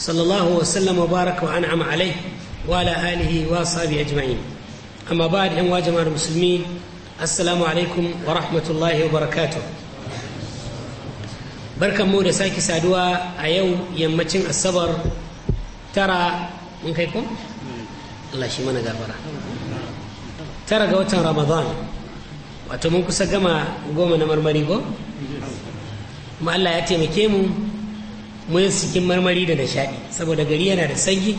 صلى الله وسلم وبارك وأنعم عليه وعلى آله وصحبه أجمعين أما بعد أمواج المسلمين السلام عليكم ورحمة الله وبركاته barkan mu da sake saduwa a yau yammacin asabar tara mun kai ko? Allah shi mana tara ga watan ramadan wato mun kusa gama goma na marmari ko? kuma Allah ya taimake mu mun cikin marmari da nishaɗi saboda gari yana da sanyi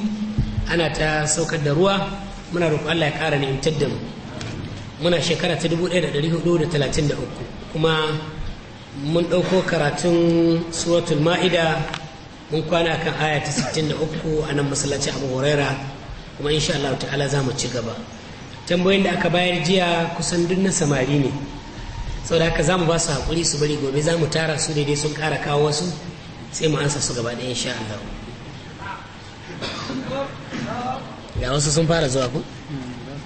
ana ta saukar da ruwa muna roƙon Allah ya ƙara ni'imtar da mu muna shekara ta 1433 kuma mun ɗauko karatun suratul ma'ida mun kwana kan aya ta 63 a nan masallaci abu huraira kuma insha Allah ta'ala za mu ci gaba tambayoyin da aka bayar jiya kusan duk na samari ne saboda haka za mu ba su haƙuri su bari gobe za mu tara su daidai sun ƙara kawo wasu sai mu ansa su gaba ɗaya insha Allah ga wasu sun fara zuwa ku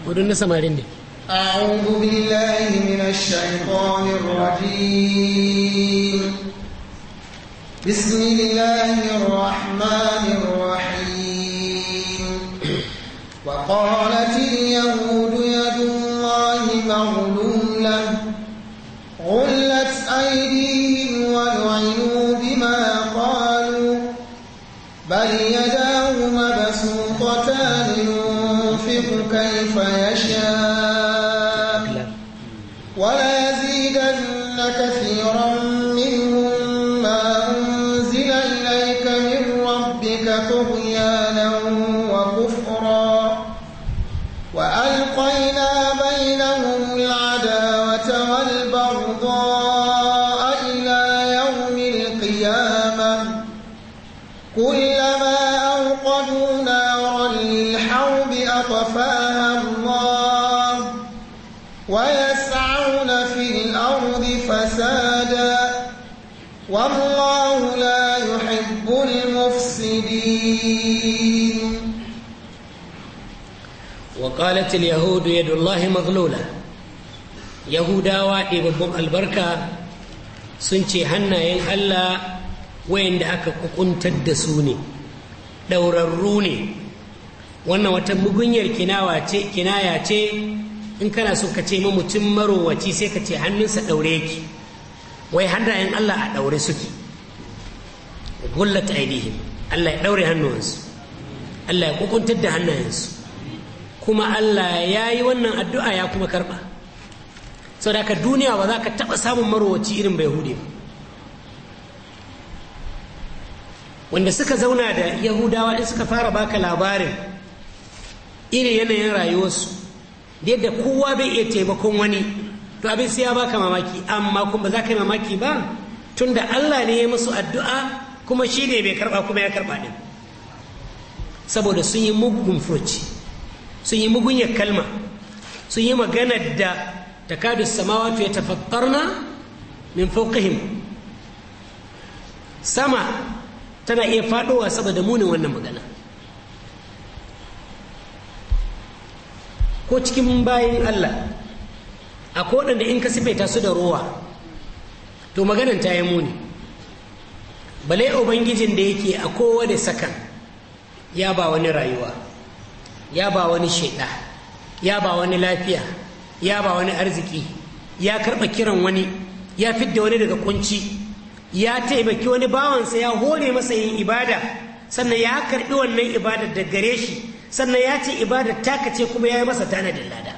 gudun na samarin ne أعوذ بالله من الشيطان الرجيم بسم الله الرحمن الرحيم وقالت اليهود يد الله مغلولة غلت أيديهم الرجيم وقالت اليهود يد الله مغلولة يهودا وادي ببم البركة سنتي هنا ين ألا وين دعك كنت الدسوني دور الروني wannan wata mugunyar kinawa ce kinaya ce in kana so ka ce mutum marowaci sai ka ce hannunsa daure yake wai hannayen Allah a daure suke gullat aidihim Allah ya ɗaure hannuwansu Allah ya kukuntar da hannayensu kuma Allah ya yi wannan addu'a ya kuma karɓa sau da ka duniya ba za ka taɓa samun marowaci irin bai hude ba wanda suka zauna da yahudawa in suka fara baka labarin irin yanayin rayuwarsu da yadda kowa bai iya taimakon wani to abin sai ya baka mamaki amma kuma ba za ka yi mamaki ba tunda Allah ne ya yi musu addu'a kuma shi ne bai karba kuma ya karba ɗin saboda sun yi mugun furci sun yi mugunyar kalma sun yi magana da takadus samawatu ya tafattarna min fauqihim sama tana iya faɗowa saboda munin wannan magana ko cikin bayan Allah a da in ka sifaita su da ruwa to maganan ta yi muni balai ubangijin da yake a kowane sakan ya ba wani rayuwa ya ba wani shaida ya ba wani lafiya ya ba wani arziki ya karba kiran wani ya fidda wani daga kunci ya taimaki wani bawansa ya hore masa yin ibada sannan ya karbi wannan ibada da gare shi sannan ya ce ibadar taka ce kuma ya yi masa tanadin lada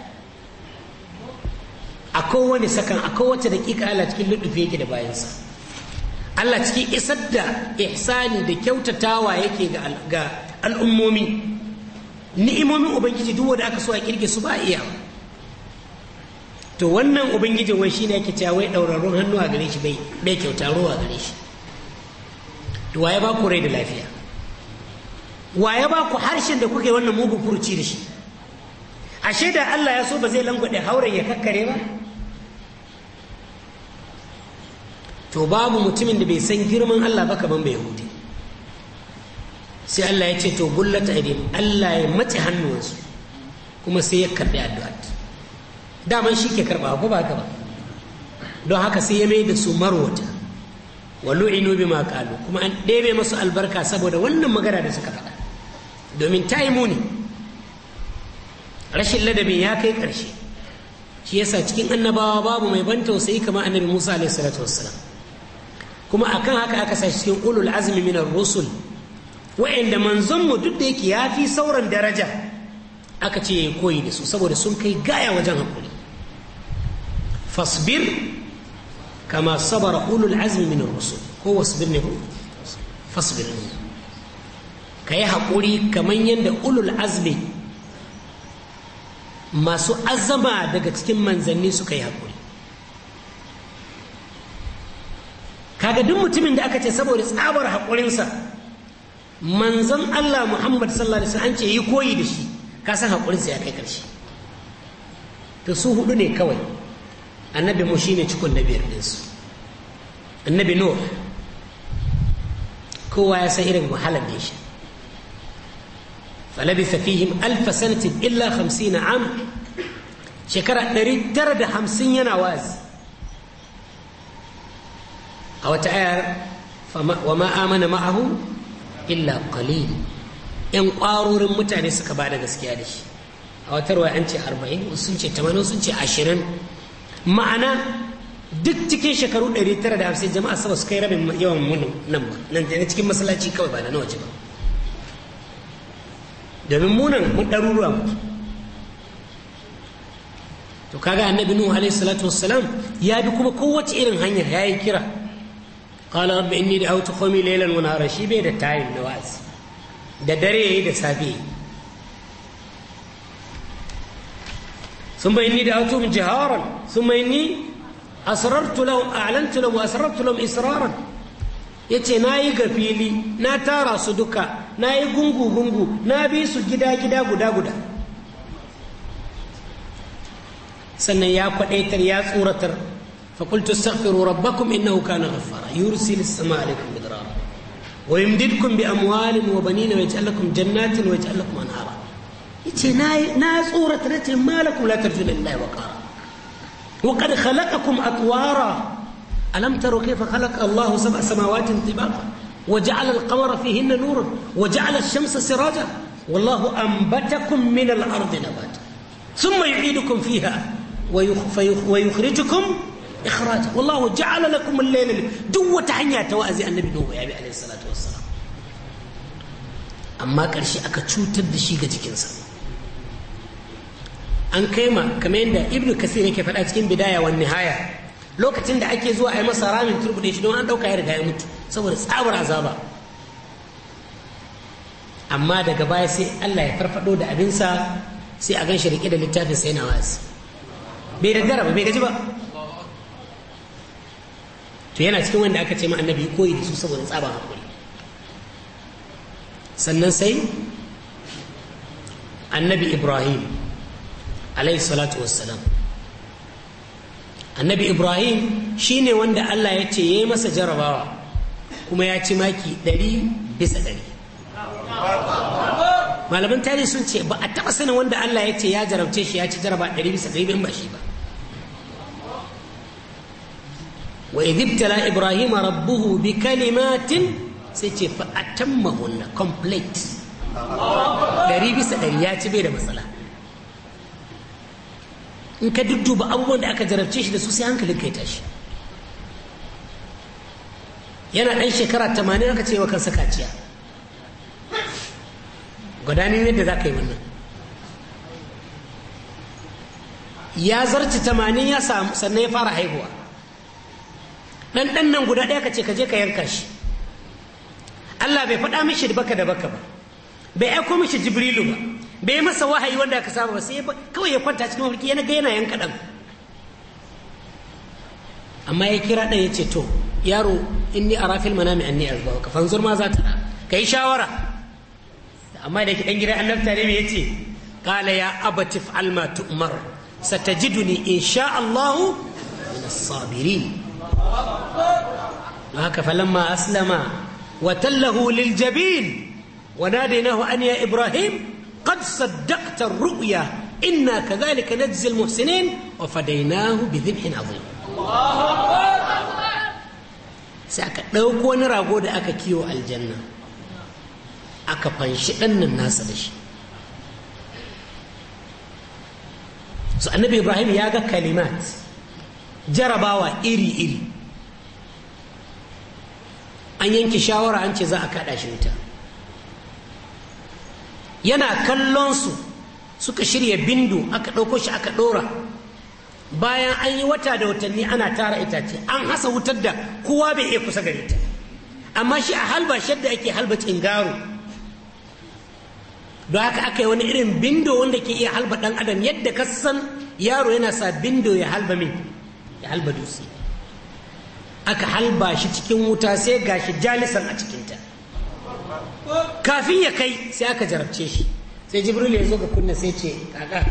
a kowane sakan a kowace daƙiƙa ala cikin lullufe yake da bayansa Allah cikin isar da ihsani da kyautatawa yake ga al'ummomi ni'imomin ubangiji duk wanda aka so a kirge su ba iya to wannan ubangiji wai shine yake cewa wai daurarun hannu a gare shi bai bai kyauta ruwa gare shi to waye ba ku rai da lafiya waye ba ku harshen da kuke wannan mugun furuci da shi ashe da Allah ya so ba zai langwade hauren ya kakkare ba to babu mutumin da bai san girman Allah ba kaman bai hudu sai Allah ya ce to gullata aidin Allah ya mace hannuwansu kuma sai ya karɓi addu'a daman shi ke karɓa ko ba ka ba don haka sai ya mai da su marwata wa bi ma qalu kuma an ɗebe masu albarka saboda wannan magana da suka faɗa domin ta yi muni rashin ladabi ya kai ƙarshe shi yasa cikin annabawa babu mai ban tausayi kamar annabi musa alaihi salatu wassalam kuma akan haka aka sa cikin ulul azmi min rusul wa'anda manzon mu duk da yake yafi sauran daraja aka ce yayi koyi da su saboda sun kai gaya wajen haƙuri. fasbir kama sabara ulul azmi min rusul ko wasbir ne ko fasbir kai hakuri kaman yanda ulul azmi masu azama daga cikin manzanni suka yi haƙuri. kaga duk mutumin da aka ce saboda tsabar haƙurinsa manzon Allah Muhammad sallallahu alaihi wasallam ce yi koyi da shi ka san haƙurinsa ya kai ƙarshe to su hudu ne kawai annabi mu shine cikon na biyar ɗinsu annabi no kowa ya san irin wahalar da shi فلبث فيهم ألف سنة إلا خمسين عام شكرا نريد yana خمسين a wata ayar wa ma amana ma'ahu illa qalil yan kwarorin mutane suka ba da gaskiya da shi a wata ruwa an ce arba'in sun ce tamanin sun ce ashirin ma'ana duk cikin shekaru 950 jama'a saba su kai rabin yawan munin nan ba nan da cikin masallaci kawai ba da na waje ba domin munan mun ɗaruruwa muke to kaga annabi nuhu alaihi salatu wassalam ya bi kuma kowace irin hanya ya yi kira qala rabbi inni da'awtu qawmi laylan wa nahara shi bai da tayin da wa'azi da dare yayi da safe thumma inni da'awtuhum jiharan thumma inni asrartu lahum a'lantu lahum wa asrartu lahum yace nayi ga fili na tara su duka nayi gungu gungu na bi su gida gida guda guda sannan ya kwaɗaitar ya tsoratar فقلت استغفروا ربكم إنه كان غفارا يرسل السماء عليكم مدرارا ويمددكم بأموال وبنين ويجعل لكم جنات ويجعل لكم أنهارا يتي نا صورة رتي ما لكم لا ترجون الله وقارا وقد خلقكم أطوارا ألم تروا كيف خلق الله سبع سماوات طباقا وجعل القمر فيهن نورا وجعل الشمس سراجا والله أنبتكم من الأرض نباتا ثم يعيدكم فيها ويخرجكم ikhraja wallahu ja'ala lakum al-layla duk wata hanya ta wa'azi annabi nuhu ya bi alaihi salatu wassalam amma karshe aka cutar da shi ga jikinsa an kai ma kamar yadda ibnu kasir yake faɗa cikin bidaya wa nihaya lokacin da ake zuwa a yi masa ramin turbude shi don an ɗauka ya riga ya mutu saboda tsabar azaba amma daga baya sai Allah ya farfaɗo da abinsa sai a gan shi rike da littafin sai bai daddara ba bai gaji ba to yana cikin wanda aka ce ma annabi koyi da su saboda tsaban hakuri sannan sai annabi ibrahim alaihi salatu wassalam annabi ibrahim shi ne wanda allah ya ce ya yi masa jarabawa kuma ya ci maki ɗari bisa ɗari malaman tarihi sun ce ba a taɓa sanin wanda allah ya ce ya jarabce shi ya ci jaraba ɗari bisa ɗari ba shi ba wa idibtala ibrahim rabbuhu bi kalimatin sai ce fa atammahunna complete dari bisa dari ya ci bai da matsala in ka dudduba abubuwan da aka jarabce shi da su sai hankalin kai tashi yana ɗan shekara tamanin aka ce wa kansa kaciya gwadanin yadda za ka yi wannan ya zarci tamanin ya samu sannan ya fara haihuwa dan dan nan guda ɗaya ka ce ka je ka yanka shi Allah bai faɗa mishi baka da baka ba bai aiko mishi jibrilu ba bai masa wahayi wanda ka saba ba sai kawai ya kwanta cikin mafarki yana ga yana yanka ɗan amma ya kira ɗan ya ce to yaro in a ara mana mai anni azba ka fanzur ma za ta yi shawara amma da yake gida gidan annabta ne ya ce kala ya abati alma ma tu'mar satajiduni insha allahu sabirin haka falamma aslama wa tallahu lil jabin wa nadainahu an ya ibrahim qad saddaqta ar-ru'ya inna kadhalika najzi al-muhsinin wa fadainahu bi dhibhin adhim sai aka ɗauko wani rago da aka kiwo aljanna aka fanshi ɗannan nasa da shi su annabi ibrahim ya ga kalimat jarabawa iri-iri an yanke shawara an ce za a kaɗa shi wuta yana kallon su suka shirya bindu aka ɗauko shi aka ɗora bayan an yi wata da watanni ana tara itace an hasa wutar da kowa bai iya kusa gare ta amma shi a halba shadda ake halba cingaro don haka aka yi wani irin bindo wanda ke iya halba ɗan adam yadda kasan yaro yana sa bindo ya halba min ya halba dutse aka halba shi cikin wuta sai gashi jalisan a cikinta kafin ya kai sai aka jarabce shi sai jibril ya zo ga kunna sai ce kaka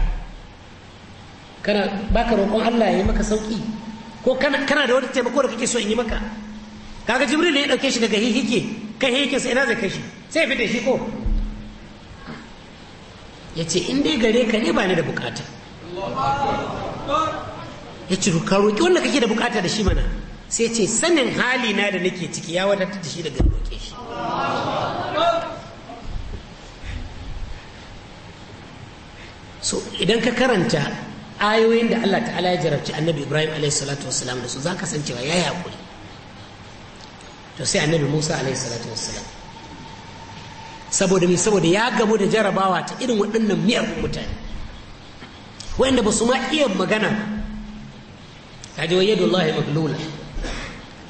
kana baka roƙon Allah ya yi maka sauki ko kana da wani taimako da kake so in yi maka kaga jibril ya dauke shi daga hihike kai hihike sai ina zai kai shi sai ya fita shi ko ya ce in dai gare ka ne ba ni da bukata ya ce ka roƙi wanda kake da bukata da shi mana sai ce sanin hali na da nake ciki ya wadatar da shi daga roƙe shi so idan ka karanta ayoyin da Allah ta'ala ya jarabci annabi Ibrahim da su za ka san cewa ya yi haƙuri to sai annabi Musa alaihi salatu saboda mai saboda ya gamu da jarabawa ta irin waɗannan miyar mutane wanda ba su ma iya magana ta wa yadu Allah maglula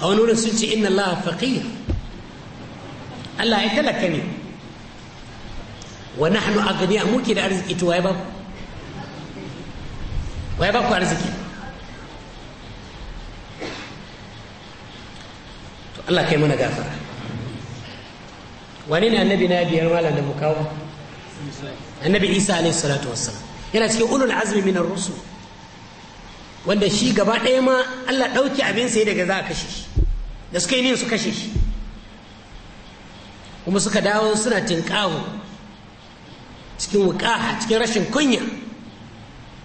a wani wurin sun ce inna Allah faqir Allah ya talaka ne wa nahnu aghniya muke da arziki to waye ba waye ba ku arziki to Allah kai mana gafara wani ne annabi na biyar malam da mukawa annabi Isa alaihi salatu wassalam yana cikin ulul azmi minar rusul wanda shi gaba ɗaya ma Allah ɗauki abin sai daga za a kashe shi da suka yi niyan su kashe shi kuma suka dawo suna tinkawo cikin wuƙaha cikin rashin kunya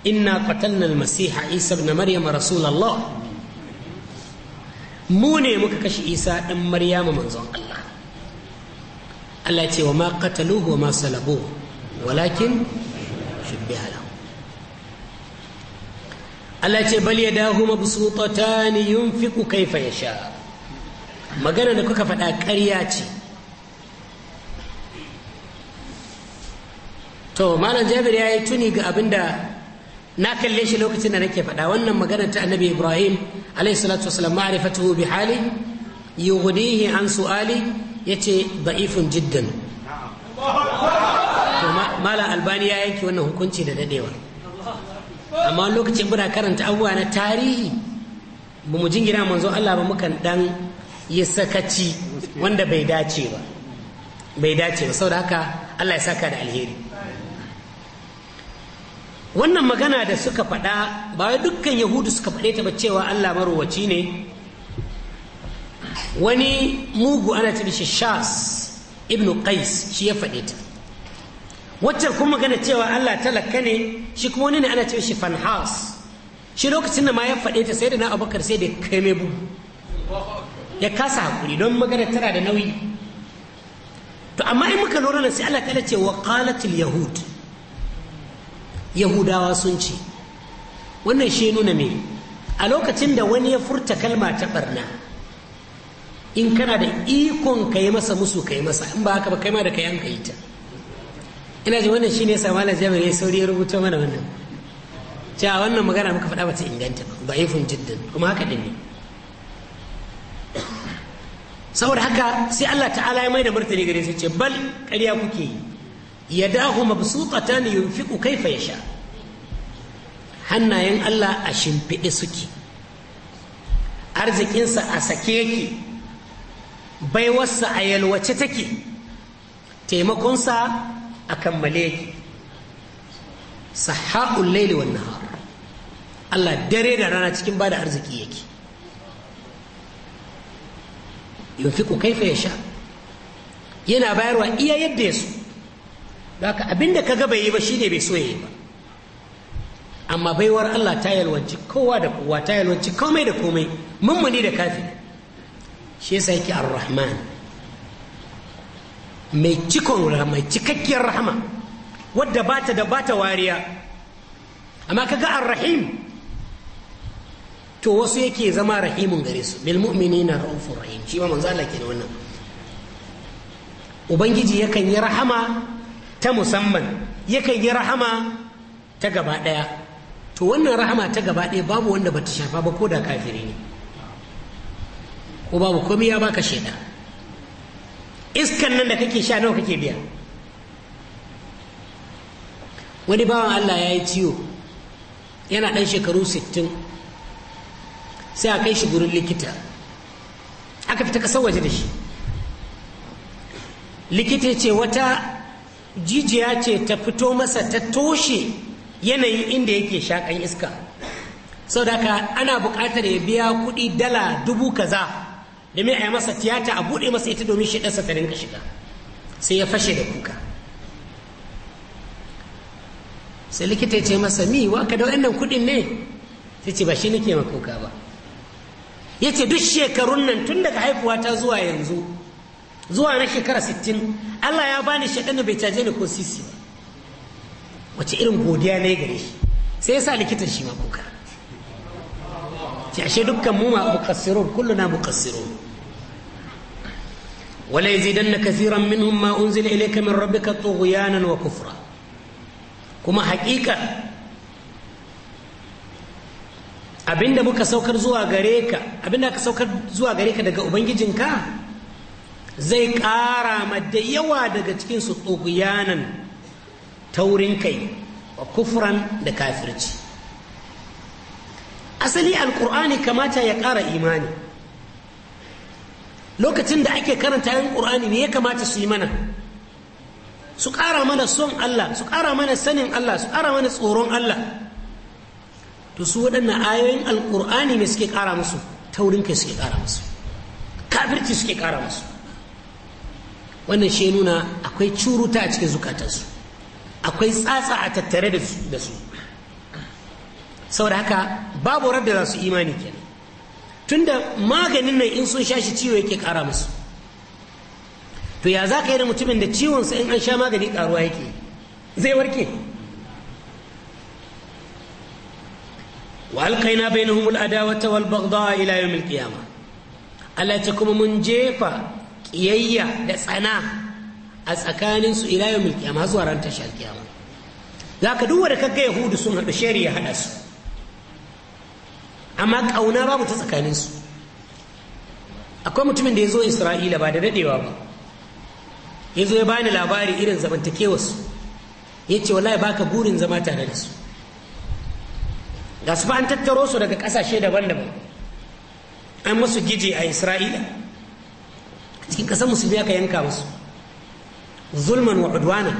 inna qatalna al-masiha isa ibn maryam rasulullah mu ne muka kashe isa ɗan maryamu manzon allah allah ce wa ma qataluhu wa ma salabu walakin shubbiha lahu allah ce bal yadahu mabsutatan yunfiqu kayfa yasha magana da kuka faɗa ƙarya ce to malam jabir ya yi tuni ga abin da na kalle shi lokacin da nake faɗa wannan magana ta annabi ibrahim alayhi salatu wasalam ma'rifatuhu bi hali yughnihi an su'ali yace da'ifun jiddan to malam albani ya yanke wannan hukunci da dadewa amma lokacin muna karanta abubuwa na tarihi bamu mu jingina manzo Allah ba mukan dan ya sakaci wanda bai dace ba bai dace ba saboda haka Allah ya saka da alheri wannan magana da suka faɗa ba wai dukkan yahudu suka faɗe ta ba cewa Allah marowaci ne wani mugu ana ta shi shas ibn qais shi ya faɗe ta wacce kuma magana cewa Allah talaka ne shi kuma wani ne ana ta shi fanhas shi lokacin da ma ya faɗe ta sai da na abubakar sai da kai mai bugu ya kasa hakuri don magana tana da nauyi to amma in muka lura sai Allah ta ce wa qalatil yahud yahudawa sun ce wannan shi nuna me a lokacin da wani ya furta kalma ta barna in kana da ikon ka yi masa musu ka yi masa in ba haka ba kai ma da ka yanka ita. ina ji wannan shine yasa malam jami'ar ya sauri ya rubuta mana wannan cewa wannan magana muka faɗa ba ta inganta ba da'ifun jiddan kuma haka din ne saboda haka sai Allah ta'ala ya mai da martani gare su ce bal ƙarya kuke yi yadahu mabsutatan yunfiqu kaifa sha. hannayen Allah a shimfiɗe suke arzikinsa a sake yake baiwarsa a yalwace take taimakonsa a kammale yake saha'ul laili wan nahar Allah dare da rana cikin bada arziki yake yunfiku kaifa sha yana bayarwa iya yadda ya so haka abinda kaga bai yi ba shine bai so yi ba amma baiwar Allah ta yalwanci kowa da kowa ta yalwanci komai da komai mummuni da kafi shi yasa yake ar-rahman mai cikon mai cikakkiyar rahama wadda bata da bata wariya amma kaga ar-rahim to wasu yake zama rahimun gare su bil na raufur rahim shi ma manzo Allah da wannan ubangiji yakan yi rahama ta musamman yakan yi rahama ta gaba daya to wannan rahama ta gaba daya babu wanda bata shafa ba ko da kafiri ne ko babu komai ya baka shaida iskan nan da kake sha nawa kake biya wani bawan Allah ya yi ciwo yana ɗan shekaru sittin sai a kai shi gurin likita aka fita kasar waje da shi likita ce wata jijiya ce ta fito masa ta toshe yanayin inda yake shakan iska sau da ana buƙatar ya biya kuɗi dala dubu kaza domin a masa tiyata a buɗe masa ita domin shiɗa safarin ka shiga sai ya fashe da kuka sai likita ce masa mi wa ka da waɗannan kuɗin ne sai ce ba shi nake ma kuka ba ya ce duk shekarun nan tun daga haifuwa ta zuwa yanzu zuwa na shekara 60 Allah ya bani shaɗan da bai caje ni ko sisi ba wace irin godiya na gare shi sai ya sa likitan shi ma kuka ce dukkan mu ma muqassirun kulluna na wala yazidanna kathiran minhum ma unzila ilayka min rabbika tughyanan wa kufra kuma haƙiƙa abinda muka saukar zuwa gare ka abinda ka saukar zuwa gare ka daga ubangijinka zai ƙara ma yawa daga cikin su tsoguyanan taurin kai wa kufran da kafirci asali alƙur'ani kamata ya ƙara imani lokacin da ake karanta 'yan ƙur'ani ne ya kamata su yi mana su ƙara mana son Allah su ƙara mana sanin Allah su ƙara mana tsoron Allah to su waɗannan ayoyin alƙur'ani ne suke ƙara musu taurin kai suke ƙara musu kafirci suke ƙara musu wannan shi nuna akwai curuta a cikin zukatansu akwai tsatsa a tattare da su saboda haka babu da za su imani kenan tunda maganin nan in sun sha shi ciwo yake ƙara musu to ya za ka yi da mutumin da ciwonsa in an sha magani ƙaruwa yake zai warke والقينا بينهم العداوه والبغضاء الى يوم Allah الا kuma mun jefa ƙiyayya da tsana a tsakanin su ila yawmil qiyama zuwa ran tashar kiyama zaka duk ka kaga yahudu sun hadu shari ya hada su amma kauna babu ta tsakanin su akwai mutumin da ya zo isra'ila ba da dadewa ba ya zo ya bani labari irin zamantakewarsu ya ce wallahi baka burin zama tare da su ga su an tattaro su daga kasashe daban-daban an musu gije a isra'ila cikin kasar musulmi aka yanka musu zulman wa udwana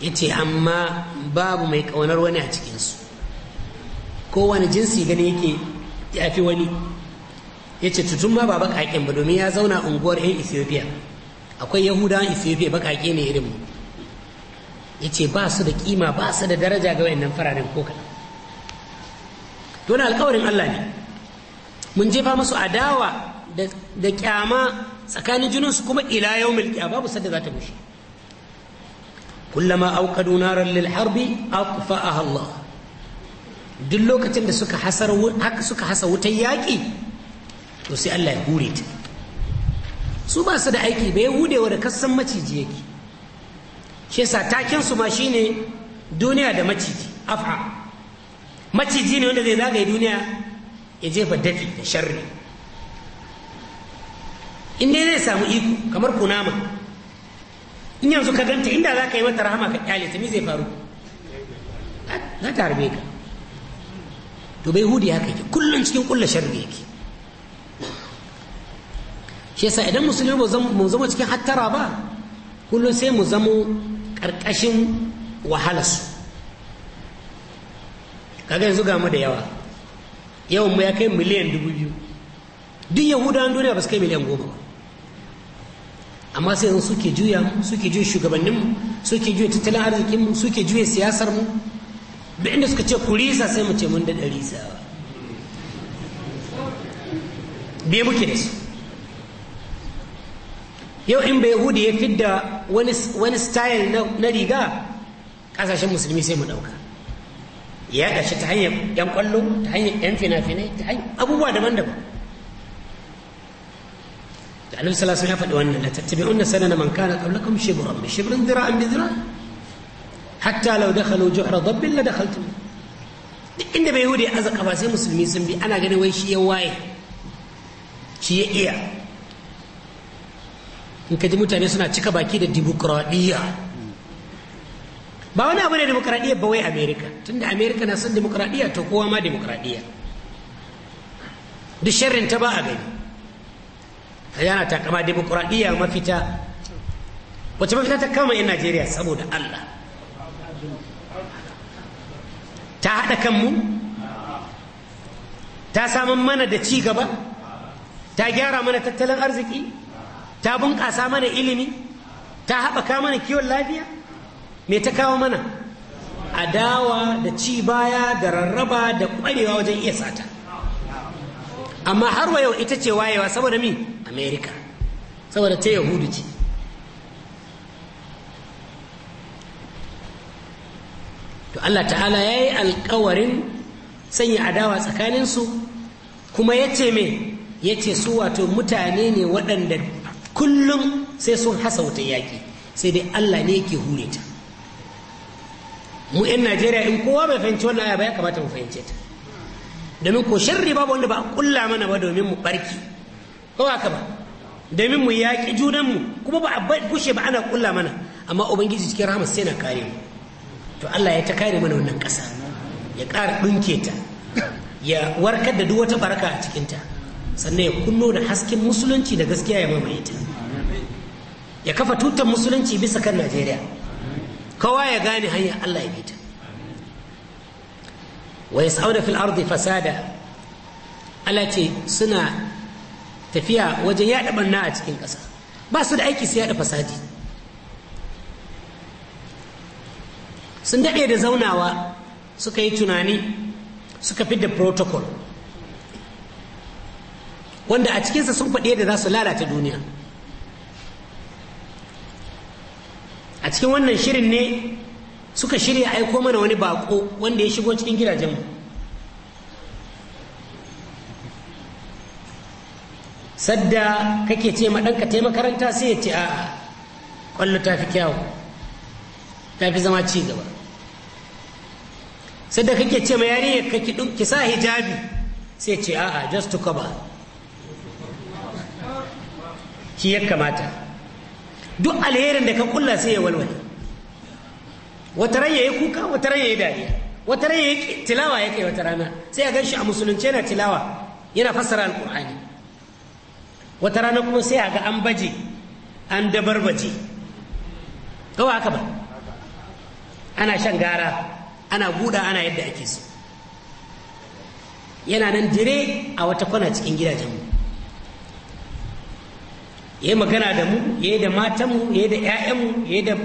ya ce amma babu mai kaunar wani a cikinsu kowane jinsi gani yake ya fi wani ya ce tutun ma ba baƙaƙen ba domin ya zauna unguwar 'yan ethiopia akwai yahudawan ethiopia baƙaƙe ne irin mu. ya ce ba su da kima ba su da daraja ga wayannan fararen ko kaɗan dole alkawarin Allah ne mun jefa masu adawa da kyama tsakanin jininsu kuma ila yau a babu sadda za ta bushe kullama auqadu naran lil harbi a Allah duk lokacin da suka hasar haka suka hasa wutan yaƙi to sai Allah ya hure ta su ba su da aiki bai hudewa da kasan maciji yake shi yasa taken su ma shine duniya da maciji af'a maciji ne wanda zai zagaye duniya ya jefa dafi da sharri in dai zai samu iko kamar kunama in yanzu ka ganta inda za ka yi mata rahama ka kyale ta mi zai faru za ta harbe ka to bai hudu haka yake kullum cikin kulla sharri yake shi yasa idan musulmi ba mu zama cikin hattara ba kullum sai mu zamo ƙarƙashin wahalarsu kaga yanzu gamu da yawa yawan mu ya kai miliyan dubu biyu duk yahudawan duniya ba su kai miliyan goma amma sai yanzu suke juya suke juya shugabanninmu suke juya tattalin arzikinmu suke juya siyasarmu duk inda suka ce kurisa sai mu ce mun da ɗari sawa biye muke da su yau in bai yahudi ya fidda wani style na riga kasashen musulmi sai mu dauka ya gashi ta hanyar yan kwallo ta hanyar yan fina-finai ta hanyar abubuwa daban-daban da annabi sallallahu alaihi wasallam ya faɗi wannan la tattabi'unna sanana man kana qablakum shibran bi shibrin an bi dira'an hatta da dakhalu juhra dabbin la dakhaltum duk inda bai yi yahudi azaka ba sai musulmi sun bi ana ganin wai shi ya waye shi ya iya in ka ji mutane suna cika baki da dimokuraɗiyya ba wani abu ne dimokuraɗiyya ba wai amerika tunda amerika na son dimokuraɗiyya to kowa ma dimokuraɗiyya duk sharrin ta ba a gani yana takama dimokuraɗiyya mafita wacce mafita ta kama 'yan najeriya saboda allah ta haɗa kanmu ta samun mana da ci gaba ta gyara mana tattalin arziki ta bunƙasa mana ilimi ta haɓaka mana kiwon lafiya me ta kawo mana adawa da ci baya da rarraba da ƙwarewa wajen iya sata amma har wa yau ita ce wayewa saboda mi amerika saboda ta yahudu ce to allah ta'ala ya yi alkawarin sanya adawa tsakaninsu kuma ya ce me ya ce su wato mutane ne waɗanda kullum sai sun hasauta yaƙi sai dai Allah ne yake hure ta mu 'yan Najeriya in kowa bai fahimci wannan aya ba ya kamata mu fahimce ta domin ko sharri babu wanda ba a kulla mana ba domin mu barki ko haka ba domin mu yaƙi junanmu kuma ba a gushe ba ana kulla mana amma ubangiji cikin rahama sai na kare mu to Allah ya ta kare mana wannan ƙasa ya ƙara ɗunke ta ya warkar da duk wata baraka a cikin ta sannan ya kullo da hasken musulunci da gaskiya ya mamaye ta ya kafa tutar musulunci bisa kan najeriya kowa ya gane hanya allah ya bita wa ya sa'una fil ardi fasada ala ce suna tafiya wajen yaɗa ɓanna a cikin ƙasa ba su da aiki su yaɗa fasadi sun daɗe da zaunawa suka yi tunani suka fi da protocol wanda a cikinsa sun faɗi yadda za su lalata duniya a cikin wannan shirin ne suka shirya aiko mana wani bako wanda ya shigo cikin gidajenmu sadda kake ce ma ɗanka ta makaranta sai ya ce a ƙwallo ta fi kyawu ta fi zama ci gaba sadda kake ce ma yarinyar ka ki sa hijabi sai ce a'a just to cover shi ya kamata duk alherin da ka kulla sai ya walwale wata ran yayi kuka wata ran yayi dariya wata ran yayi tilawa yake wata rana sai a ganshi a musulunce yana tilawa yana fassara alqur'ani wata rana kuma sai a ga an baje an dabarbaje kawai haka ba ana shan gara ana buɗa ana yadda ake so yana nan dire a wata kwana cikin gidajenmu ya yi magana da mu ya yi da matanmu ya yi da 'ya'yanmu ya yi da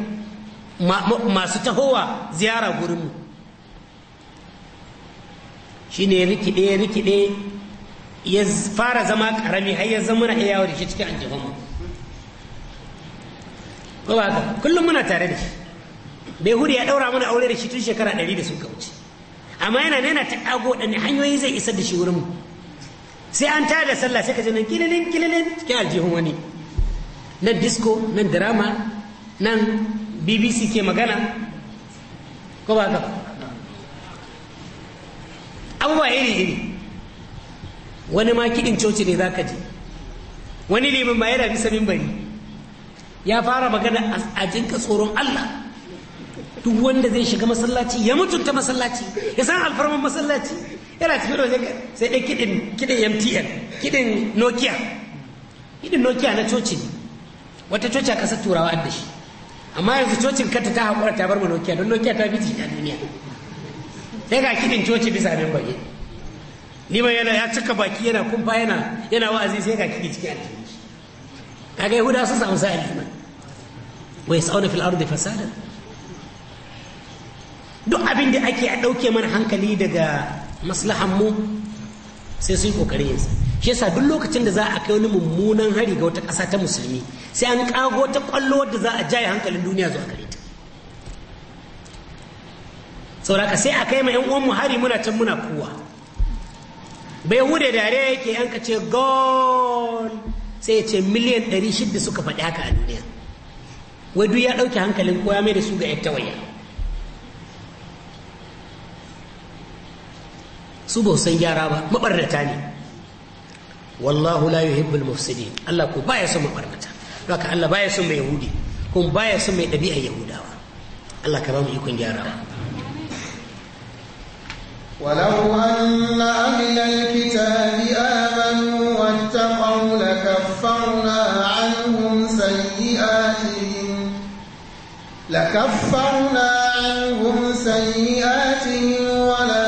masu tahowa ziyara gurinmu shi ne rikide rikide ya fara zama karami har ya zama na iya da shi cikin aljihunmu kullum muna tare da shi bai huri ya daura mana aure da shi tun shekara ɗari da suka wuce amma yana nena ta ɗago waɗanne hanyoyi zai isar da shi mu sai an tada sallah sai ka ji nan kililin kililin cikin aljihun wani nan disco nan drama nan bbc ke magana ko ba ka abubuwa iri-iri wani ma kiɗin coci ne za ka ji wani limin ba yana bisa mimbari ya fara magana a jinka tsoron Allah duk wanda zai shiga masallaci ya mutunta masallaci ya san alfarman masallaci yana cikin waje sai dai kiɗin kiɗin mtn kiɗin nokia kiɗin nokia na coci ne wata coci a ƙasar turawa an da shi amma yanzu cocin kanta ta haƙura ta bar mu nokiya don nokiya ta biti a duniya sai ga kiɗin coci bisa min bage liman yana ya cika baki yana kumfa yana yana wa'azi sai ga kiɗi cikin aljihu kaga yahuda sun samu sa'a liman wa yas'una fil ardi fasada duk abin da ake a ɗauke mana hankali daga maslahan mu sai su yi ƙoƙarin yinsa shi yasa duk lokacin da za a kai wani mummunan hari ga wata ƙasa ta musulmi sai an kago ta kwallo da za a jaye hankalin duniya zuwa gare ta sauraka sai a kai ma yan uwan mu hari muna can muna kowa bai hude dare yake yanka ce gol sai ya ce miliyan 600 suka faɗi haka a duniya wai duk ya ɗauke hankalin kowa mai da su ga yadda waya su ba san gyara ba mabarnata ne wallahu la yuhibbul mufsidin Allah ko baya son mai barnata haka Allah baya son mai yahudi kuma baya son mai ɗabi'ar yahudawa Allah ka ba mu ikon gyarawa ولو أن أهل الكتاب آمنوا واتقوا لكفرنا عنهم سيئاتهم لكفرنا عنهم سيئاتهم ولا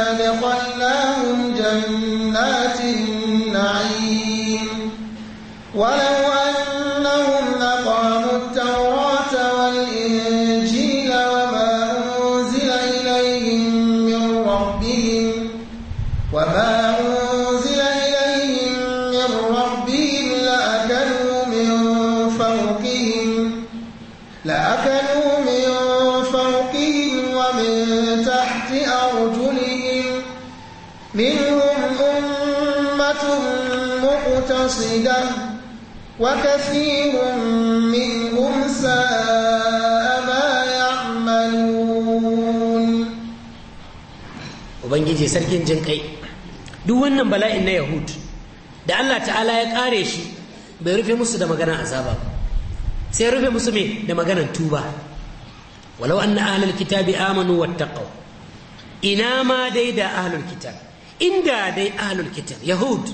ولا وكثير منهم ساء ما يعملون وبنجي سركين جنكي duk wannan bala'in na yahud da allah ta'ala ya ƙare shi bai rufe musu da maganar azaba sai rufe musu mai da maganar tuba walau anna ahlul kitabi amanu wattaqaw ina ma dai da ahlul kitab inda dai ahlul kitab yahud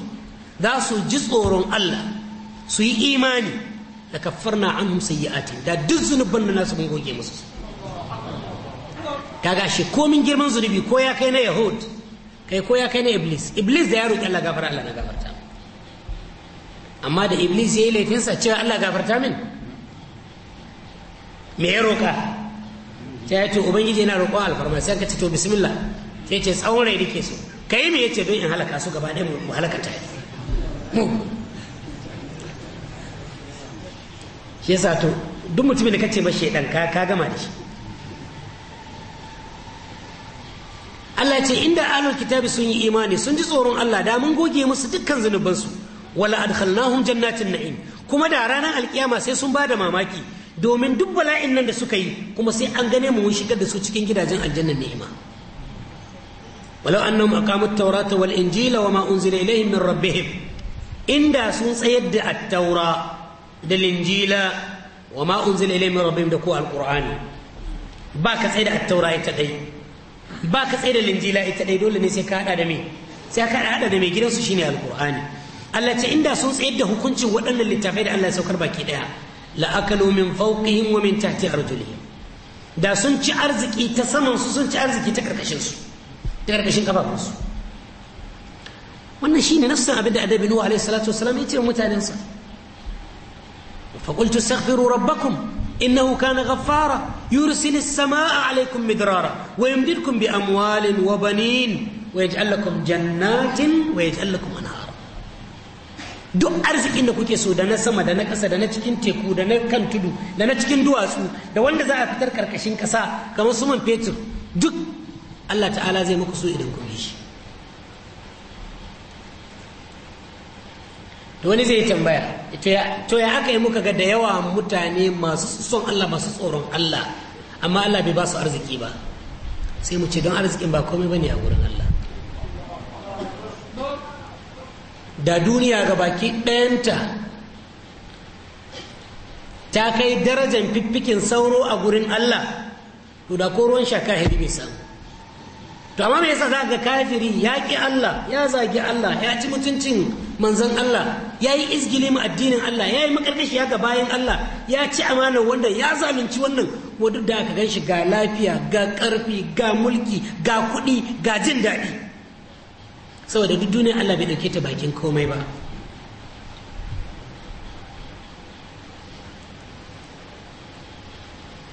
za su ji tsoron allah su yi imani da kaffarna anhum sayyi'atin da duk zunuban da nasu mun goge musu ka gashi komin girman zunubi ko ya kai na yahud kai ko ya kai na iblis iblis da ya roki Allah gafara Allah na gafarta amma da iblis ya yi laifinsa cewa Allah gafarta min me ya roƙa ta yi to ubangiji yana roƙo alfarma sai ka ce to bismillah sai ce tsawon rai nake so ka yi me ce don in halaka su gaba ɗaya mu halaka ta yi shi to duk mutumin da kace mashi dan ka ka gama da shi Allah ce inda alul kitabi sun yi imani sun ji tsoron Allah da mun goge musu dukkan zunubansu wala adkhalnahum jannatin na'im kuma da ranar alkiyama sai sun bada mamaki domin duk bala'in nan da suka yi kuma sai an gane mu mun shigar da su cikin gidajen aljannan ni'ima walau annahum aqamu at wal injila wama unzila ilayhim min rabbihim inda sun tsayar da at-taura da linjila wa ma unzila ilayhi min rabbihim da ko Al-Ƙur'ani ba ka tsaye da attaura ita dai ba ka tsaye da linjila ita dai dole ne sai ka haɗa da me sai ka hada da me gidansu shine alqur'ani Allah ce inda sun tsaye da hukuncin waɗannan littafai da Allah ya saukar baki daya la akalu min fawqihim wa min tahti arjulihim da sun ci arziki ta saman su sun ci arziki ta karkashin su ta karkashin kafafunsu wannan shine nafsan abin da annabi nuhu alaihi salatu wasallam ya ce mutanensa فقلت استغفروا ربكم إنه كان غفارا يرسل السماء عليكم مدرارا ويمددكم بأموال وبنين ويجعل لكم جنات ويجعل لكم أنهارا duk arzikin da kuke so da na sama da na ƙasa da na cikin teku da na kan tudu da na cikin duwatsu da wanda za a fitar karkashin ƙasa kamar su man fetur duk Allah ta'ala zai muku so idan ku shi da wani zai tambaya to ya aka yi muka ga da yawa mutane masu son Allah masu tsoron Allah amma Allah bai ba su arziki ba sai mu ce don arzikin ba komai bane a wurin Allah da duniya ga baki ɗayanta ta kai darajar fiffikin sauro a gurin Allah to da ko ruwan shaka bai to amma me yasa za ga kafiri ya ki Allah ya zagi Allah ya ci mutuncin manzon Allah ya yi izgili addinin Allah ya yi makarkashi ya ga bayan Allah ya ci amanar wanda ya zalunci wannan wanda da ka ganshi ga lafiya ga karfi ga mulki ga kuɗi ga jin daɗi saboda duk duniyar Allah bai ɗauke ta bakin komai ba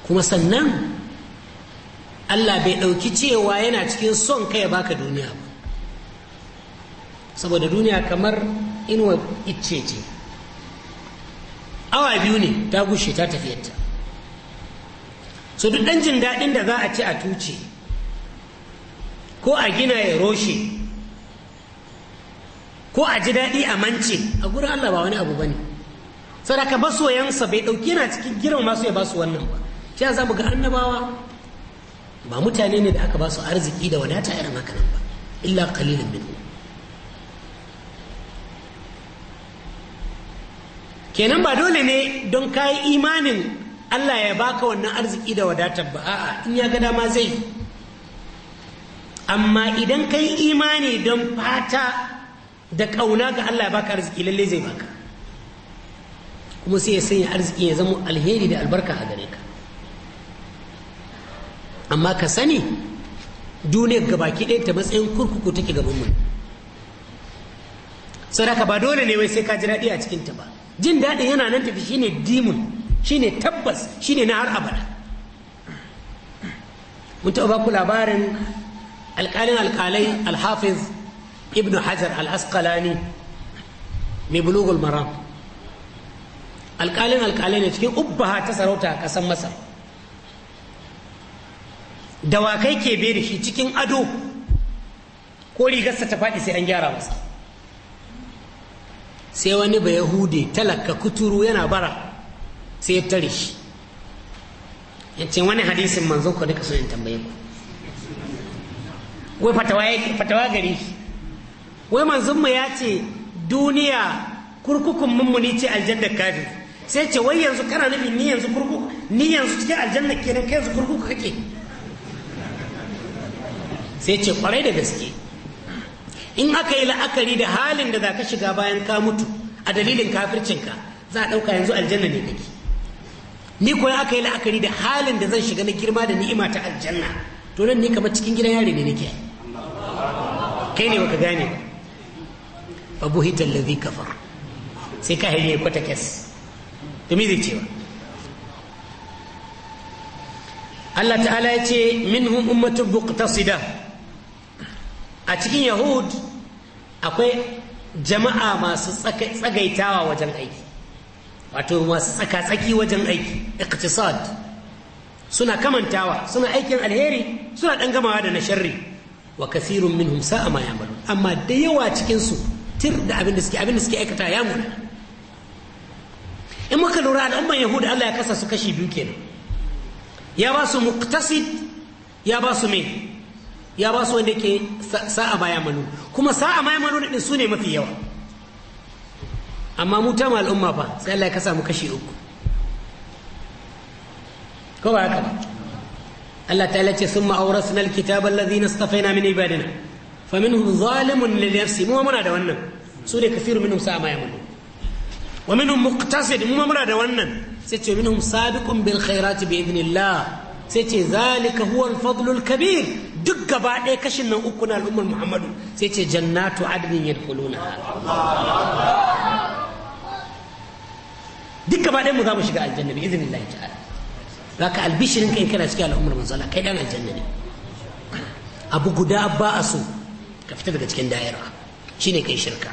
kuma sannan Allah bai ɗauki cewa yana cikin son kai ya baka duniya ba saboda duniya kamar inuwa icce ce awa biyu ne ta gushe ta tafiyarta so duk ɗan jin daɗin da za a ci a tuce ko a gina ya roshe ko a ji daɗi a mance a gurin Allah ba wani abu ba ne sadaka soyansa bai ɗauki yana cikin girma masu ya basu wannan ba shi za mu ga annabawa ba mutane ne da aka ba su arziki da wadata irin haka nan ba illa kalilin bin kenan ba dole ne don kayi imanin Allah ya baka wannan arziki da wadatar ba a'a in ya ga dama zai amma idan kayi imani don fata da kauna ga Allah ya baka arziki lalle zai baka kuma sai ya sanya arziki ya zama alheri da albarka a gare ka amma ka sani duniyar gabaki ɗaya ta matsayin kurkuku take gaban mu sadaka ba dole ne wai sai ka ji daɗi a cikinta ba jin daɗin yana nan tafi shine dimun shine tabbas shine na har abada mun taɓa ba ku labarin alƙalin alƙalai alhafiz ibn hajar al-asqalani mai bulugul maram alƙalin alƙalai ne cikin ubbaha ta sarauta a ƙasar masar dawakai ke da shi cikin ado ko rigarsa ta faɗi sai an gyara masa sai wani ba yahude talaka kuturu yana bara sai ya tare shi yace wani hadisin manzon ku duka so in tambaye ku wai fatawa gari wai manzonmu ya ce duniya kurkukun mummuni ce aljanna kafin sai ce wai yanzu kana nufin ni yanzu kurkuku ni yanzu cikin aljanna kenan kai yanzu kurkuku kake sai ce kwarai da gaske in aka yi la'akari da halin da za ka shiga bayan ka mutu a dalilin kafircinka za a ɗauka yanzu aljanna ne kake ni ko aka yi la'akari da halin da zan shiga na girma da ni'ima ta aljanna to nan ni kamar cikin gidan yare ne nake kai ne baka gane fa hitar allazi kafar sai ka hiriye kwata kes zai cewa Allah ta'ala ya ce min minhum ummatun buqtasida a cikin yahud akwai jama'a masu tsagaitawa wajen aiki wato masu tsaka-tsaki wajen aiki iktisad suna kamantawa suna aikin alheri suna ɗan gamawa da na sharri wa kasirun minhum sa'a ma yamalu amma da yawa cikinsu tir da abin da suke abin da suke aikata ya muna in muka lura al'umman yahuda Allah ya kasa su kashi biyu kenan ya ba su muqtasid ya ba su mai ya ba su wanda ke sa'a baya manu kuma sa'a baya manu din su ne mafi yawa amma mu ta al'umma ba sai Allah ya kasa mu kashi uku ko ba haka ba Allah ta lace summa awrasna alkitaba alladhina istafaina min ibadina faminhum zalimun li nafsi mu muna da wannan su ne kafiru minhum sa'a baya manu wa minhum muqtasid mu muna da wannan sai ce minhum sabiqun bil khairati bi idnillah sai ce zalika huwa al-fadlul kabir duk gaba ɗaya kashin nan uku na al'ummar muhammadu sai ce jannatu adnin yadkhuluna duk gaba ɗaya mu za mu shiga aljanna bi idhnillah ta'ala zaka albishirin kai kana cikin al'ummar manzala kai dan aljanna ne abu guda ba a so ka fita daga cikin da'ira shine kai shirka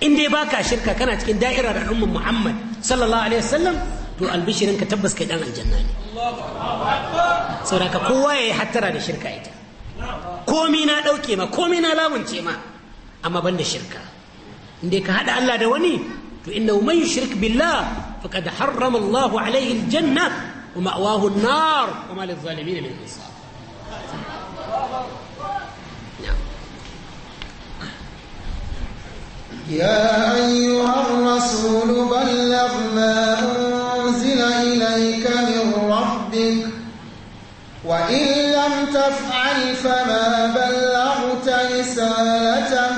in dai baka shirka kana cikin da'ira da al'ummar muhammad sallallahu alaihi wasallam to albishirin ka tabbas kai dan aljanna ne sauraka kowa ya yi hattara da shirka ita komi na ɗauke ma komi na lamunce ma amma ban da shirka inda ka haɗa Allah da wani to inna man shirk billah faqad harrama Allahu alaihi aljanna wa ma'wahu an-nar wa ma lizalimin min ansar يا أيها الرسول بلغ ما أنزل وإن لم تفعل فما بلغت رسالته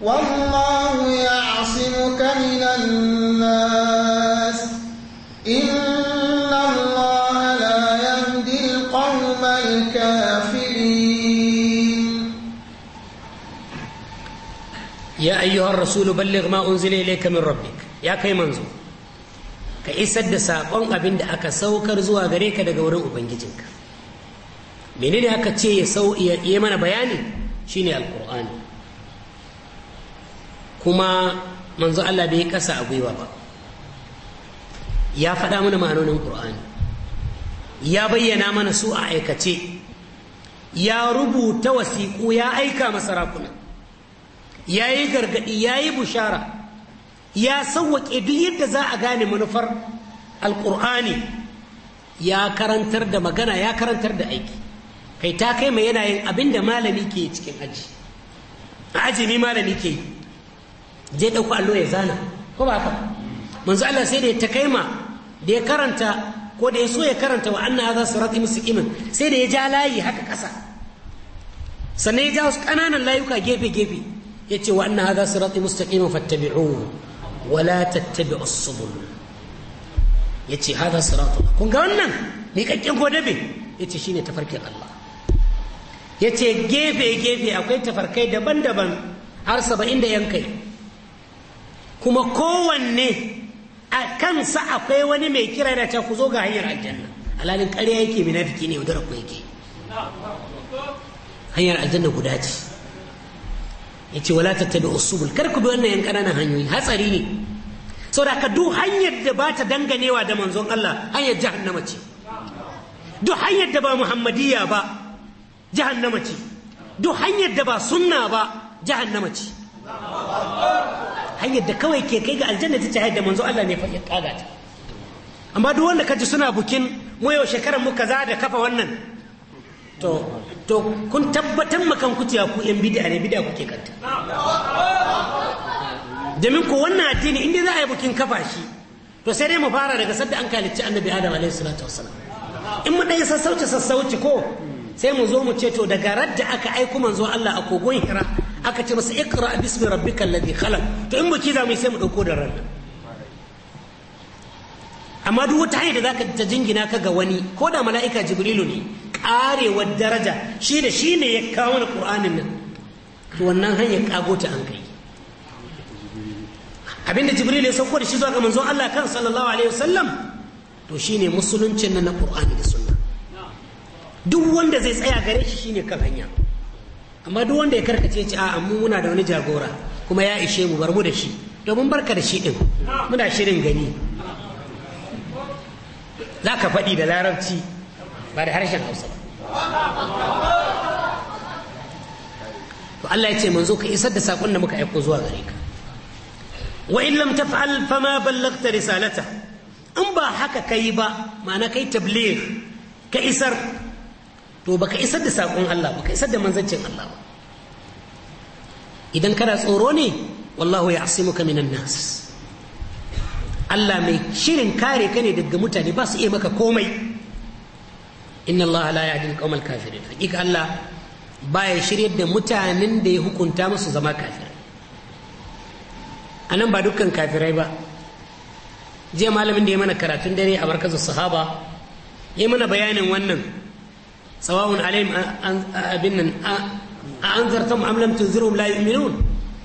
والله يعصمك من الناس إن الله لا يهدي القوم الكافرين يا أيها الرسول بلغ ما أنزل إليك من ربك يا كي منزل ka isar da saƙon abin da aka saukar zuwa gare ka daga wurin ubangijinka menene aka ce ya sau ya mana bayani shine alkur'ani kuma manzo Allah bai kasa a gwiwa ba ya faɗa mana ma'anonin qur'ani ya bayyana mana su a aikace ya rubuta wasiƙu ya aika masarakuna ya yi gargaɗi ya yi bushara ya sauwaƙe duk yadda za a gane manufar alƙur'ani ya karantar da magana ya karantar da aiki kai ta kai mai yanayin abinda abin da malami ke cikin aji a aji ni malami ke je ɗauko allo ya zana ko ba haka manzo Allah sai da ya takaima da ya karanta ko da ya so ya karanta wa su rati musu imin sai da ya ja layi haka ƙasa sannan ya ja wasu ƙananan layuka gefe gefe ya ce wa anna hadha sirati mustaqimin fattabi'uhu wala la tattabi'u subul ya ce haza siratu kun ga wannan miƙaƙƙen ko dabe ya ce shine tafarkin Allah ya ce gefe-gefe akwai tafarkai daban-daban har saba'in da yankai kuma kowanne a kansa akwai wani mai kira da ta ku zo ga hanyar aljanna alalin ƙarya yake munafiki ne yaudara ku yake hanyar aljanna guda ce ya ce wala tattabi kar ku bi wannan yan ƙananan hanyoyi hatsari ne saboda ka duk hanyar da ba ta danganewa da manzon Allah hanyar na mace duk hanyar da ba muhammadiyya ba jahannama ce duk hanyar da ba sunna ba jahannama ce hanyar da kawai ke kai ga aljanna ta ce da manzo Allah ne ya kaga ta amma duk wanda kaji suna bukin mu yau shekaran mu za da kafa wannan to to kun tabbatar makan ku ku yan bid'a ne bid'a kuke kanta domin ku wannan addini inda za a yi bukin kafa shi to sai dai mu fara daga sadda an kalicci annabi adam alaihi salatu wassalam in mu dai sassauce sassauce ko sai mu zo mu ce to daga radda aka aiko manzo Allah a kogon Hira aka ce masa ikra bismi rabbika alladhi khalaq to in baki za mu sai mu dauko da ran amma duk wata hanya da zaka ta jingina ka ga wani ko da mala'ika jibrilu ne karewar daraja shi da shi ne ya kawo na qur'anin nan to wannan hanya kago ta an kai abinda jibril ya sauko da shi zuwa ga manzo Allah kan sallallahu alaihi wasallam to shine musuluncin nan na qur'ani da sunna duk wanda zai tsaya gare shi shine kan hanya amma duk wanda ya karkace ci a mu muna da wani jagora kuma ya ishe mu bar mu da shi domin barka da shi din muna shirin gani za ka faɗi da larabci ba da harshen hausa to Allah ya ce manzo ka isar da sakon da muka aiko zuwa gare ka wa in lam taf'al ma ballaghta risalata in ba haka kai ba ma'ana kai tabligh ka isar to baka isar da saƙon Allah baka isar da manzancin Allah ba idan kana tsoro ne wallahu ya ka minan nas Allah mai shirin kare ka ne daga mutane ba su iya maka komai inna Allah la yahdi al-qawmal kafirin hakika Allah baya shiryar da mutanen da ya hukunta musu zama kafirai anan ba dukkan kafirai ba jiya malamin da ya mana karatun dare a markazin sahaba ya mana bayanin wannan sawa'un alaihim abin nan a anzartum am lam tunzirhum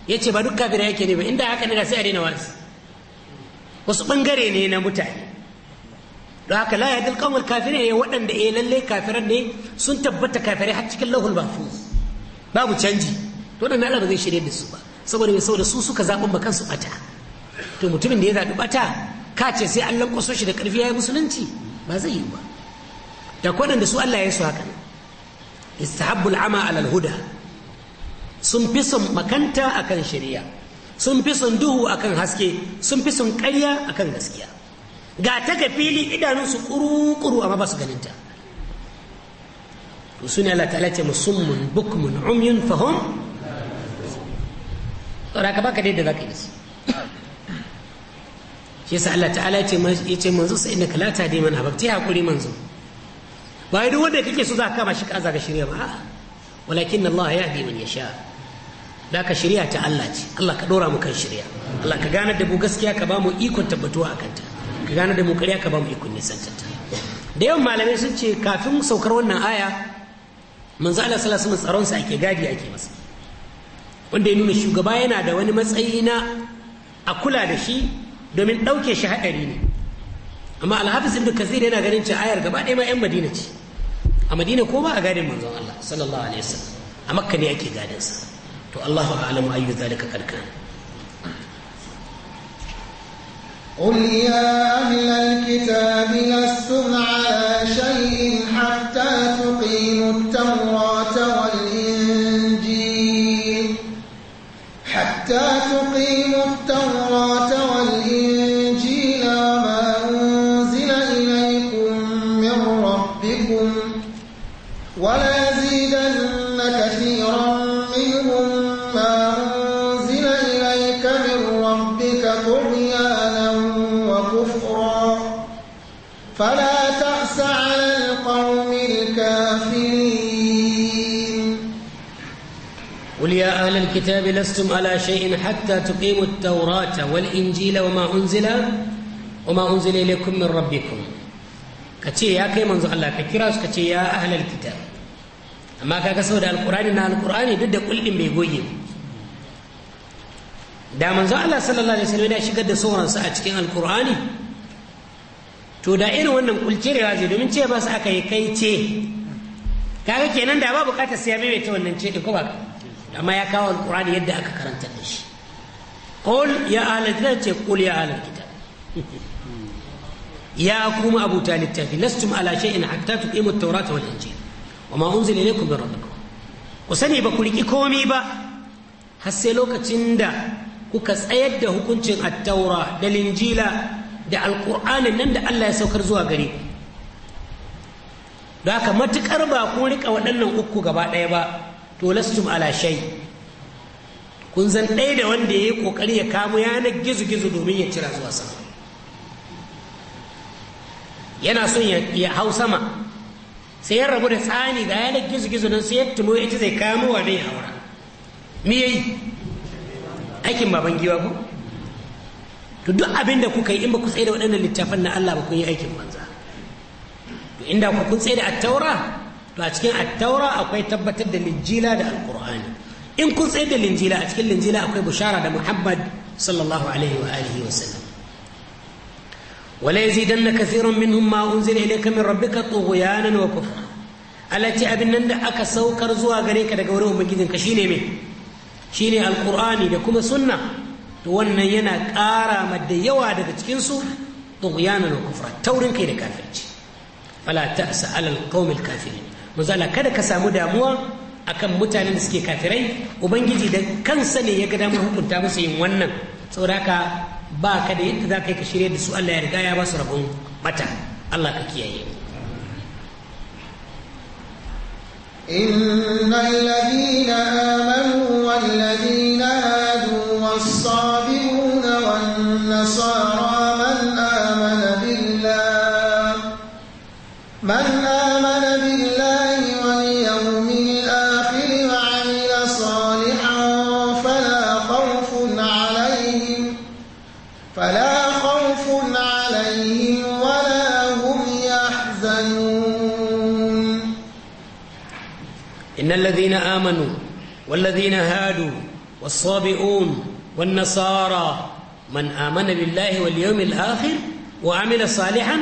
yace ba duk kafira yake ne ba inda haka ne da sai a daina wasu wasu bangare ne na mutane don haka la yadil qawmul kafirin ne waɗanda eh lalle kafiran ne sun tabbata kafirai har cikin lahul mahfuz babu canji to da Allah ba zai shirye da su ba saboda mai saboda su suka zaɓin ba kansu bata to mutumin da ya zaɓi bata ka ce sai an lankwaso shi da ƙarfi ya yi musulunci ba zai yi ba da da su Allah ya su haka istahabbul ama alal huda sun fi son makanta akan shari'a sun fi son duhu akan haske sun fi son ƙarya akan gaskiya ga ta ga fili idanunsu kuru-kuru amma ba su ganinta to ne Allah ta'ala ce bukman bukmun umyun fahum tsara ka baka dai da zaka yi shi yasa Allah ta'ala ya ce manzo sai innaka la haɓar ta yi hakuri manzo ba duk wanda kake so za ka kama shi ka ga shirya ba walakin Allah ya hadi man yasha da ka shirya ta Allah ce Allah ka dora mu kan shirya Allah ka gane da mu gaskiya ka ba mu ikon tabbatuwa akan ta ka gane da mu ƙarya ka ba mu ikon nisanta ta da yawan malamai sun ce kafin saukar wannan aya manzo Allah sallallahu alaihi wasallam tsaron ake gadi ake masa wanda ya nuna shugaba yana da wani matsayi na a kula da shi domin ɗauke shi haɗari ne amma alhafis ibn kasir yana ganin cewa ayar gaba ɗaya ma 'yan madina ce a madina ko ba a gadin manzon Allah sallallahu alaihi wasallam a makka ne ake gadin sa to Allahu a'lamu ayyu zalika karkan قل يا أهل الكتاب لستم على شيء حتى تقيموا التوراة والإنجيل أهل الكتاب لستم على شيء حتى تقيموا التوراة والإنجيل وما أنزل وما أنزل إليكم من ربكم كتي يا كي منزو الله كتيراش كتي يا أهل الكتاب أما كاكا سودا القرآن نا القرآن ضد كل إن بيقوي da manzo Allah sallallahu alaihi wasallam ya shigar da sauransa a cikin alkur'ani to da irin wannan kulcirewa zai domin ce ba su aka yi kai ce kaga kenan da ba bukatar sai ya maimaita wannan ce ko ba amma ya kawo alkur'ani yadda aka karanta da shi qul ya ahlal kitab ce qul ya ahlal kitab ya kuma abu littafi lastum ala shay'in hatta tuqimu at-taurata wal injil wa ma unzila ilaykum min rabbikum ku sani ba ku riki komi ba har sai lokacin da kuka tsayar da hukuncin at-taura da linjila da alqur'anin nan da Allah ya saukar zuwa gare ku da haka matukar ba ku rika waɗannan uku gaba ɗaya ba to lastum ala shay kun zan ɗaya da wanda ya yi ƙoƙari ya kamo yanar gizo-gizo domin ya cira zuwa sama yana son ya hau sama sai ya rabu da tsani da yanar gizo-gizo don sai ya tuno ya ci zai kamo wa mai haura mi ya yi aikin baban giwa ko to duk abin da kuka yi in ba ku tsaye da waɗannan littafan na Allah ba kun yi aikin banza to inda ku kun tsaye da attaura to a cikin attaura akwai tabbatar da linjila da alkur'ani in kun tsaye da linjila a cikin linjila akwai bushara da muhammad sallallahu alaihi wa alihi wa sallam wala yazidanna kathirun minhum ma unzila ilayka min rabbika tughyanan wa kufra alati abin nan da aka saukar zuwa gare ka daga wurin ubangijinka shine me shine alkur'ani da kuma sunna to wannan yana ƙara ma yawa daga cikin su tughyanan wa kufra taurin kai da kafirci fala ta'sa alal qaumil kafirin mazala kada ka samu damuwa akan mutanen da suke kafirai ubangiji da kansa ne ya ga damar hukunta musu yin wannan saboda haka ba ka da yadda za ka yi ka shirya da su Allah ya riga ya ba su rabon mata Allah ka kiyaye إن الذين آمنوا الذين آمنوا والذين هادوا والصابئون والنصارى من آمن بالله واليوم الآخر وعمل صالحا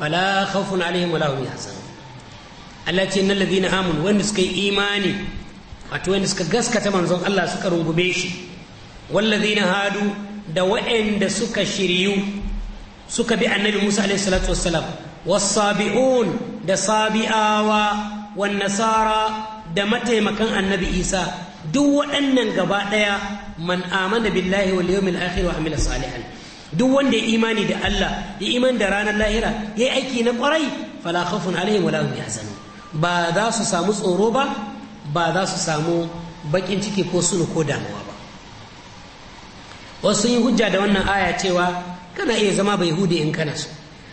فلا خوف عليهم ولا هم يحزنون التي إن الذين آمنوا وإن إيماني wato wanda suka gaskata manzon Allah suka rungume shi wallazina hadu da waɗanda suka shiryu suka bi annabi Musa alaihi wasabi'un da sabi'awa wan nasara da mataimakan annabi isa duk waɗannan gaba ɗaya man amana billahi wal yawmil akhir wa amila salihan duk wanda ya imani da Allah ya iman da ranar lahira ya yi aiki na kwarai fala khawfun alaihim wala hum yahzanun ba za su samu tsoro ba ba za su samu bakin ciki ko sunu ko damuwa ba wasu yi hujja da wannan aya cewa kana iya zama bai hude in kana so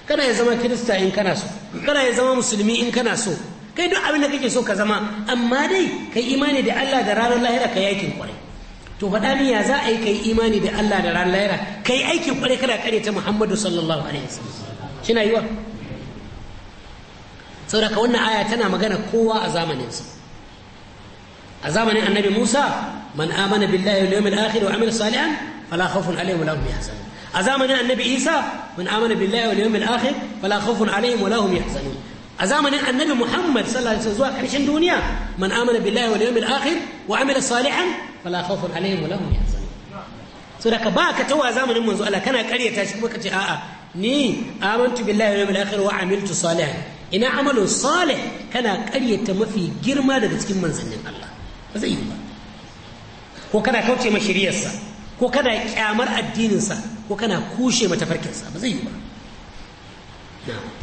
kana iya zama kirista in kana so kana iya zama musulmi in kana so kai duk abin da kake so ka zama amma dai kai imani da Allah da ranar lahira ka yakin kwarai to faɗa min ya za a yi kai imani da Allah da ranar lahira kai aikin kwarai kada kare ta Muhammadu sallallahu alaihi wasallam shina yiwa saboda ka wannan aya tana magana kowa a zamaninsa a zamanin annabi Musa man amana billahi wal yawmil akhir wa amila salihan fala khawfun alaihim wa lahum yahzanun a zamanin annabi Isa man amana billahi wal yawmil akhir fala khawfun alaihim wa lahum yahzanun a zamanin annabi muhammad sallallahu alaihi zuwa karshen duniya man amana billahi wal yawmil akhir wa amila salihan fala khawfun alaihim wa lahum yahzanun so da ka ba ka tawa zamanin manzo Allah kana karyata shi kuma ka ce a'a ni amantu billahi wal yawmil akhir wa amiltu salihan ina amalun salih kana karyata mafi girma daga cikin manzannin Allah ba zai yi ba ko kana kauce ma shiriyarsa ko kana kyamar addininsa ko kana kushe mata farkinsa ba zai yi ba na'am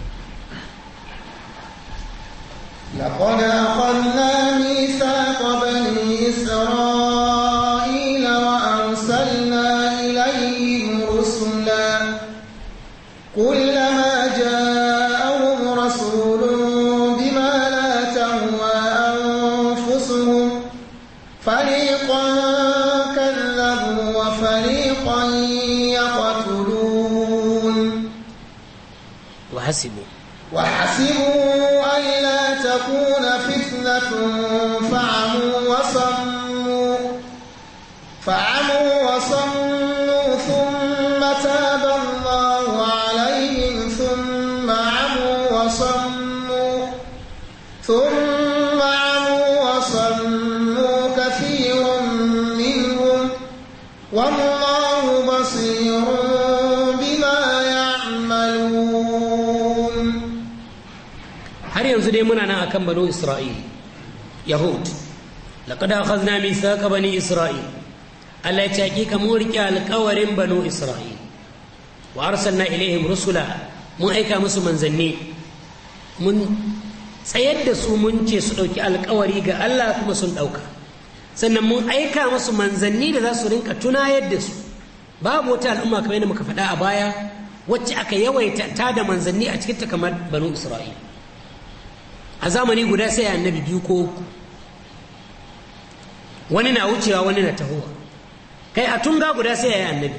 لقد أخذنا ميثاق بني إسرائيل وأرسلنا إليهم رسلا كلما جاءهم رسول بما لا تهوى أنفسهم فريقا كذبوا وفريقا يقتلون وحسبوا وحسبوا تكون فتنة فعموا وصموا فعموا akan bano Isra'il Yahud laqad akhadna mithaqa bani Isra'il Allah ya ce hakika mun rike alƙawarin bano Isra'il wa arsalna ilaihim rusula mun aika musu manzanni mun tsayar da su mun ce su ɗauki alƙawari ga Allah kuma sun ɗauka sannan mun aika musu manzanni da za su rinka tunayar da su babu wata al'umma kamar yadda muka faɗa a baya wacce aka yawaita ta da manzanni a ta kamar banu isra'il. a zamani guda sai annabi biyu ko uku wani na wucewa wani na tahowa kai a tunga guda sai yayi annabi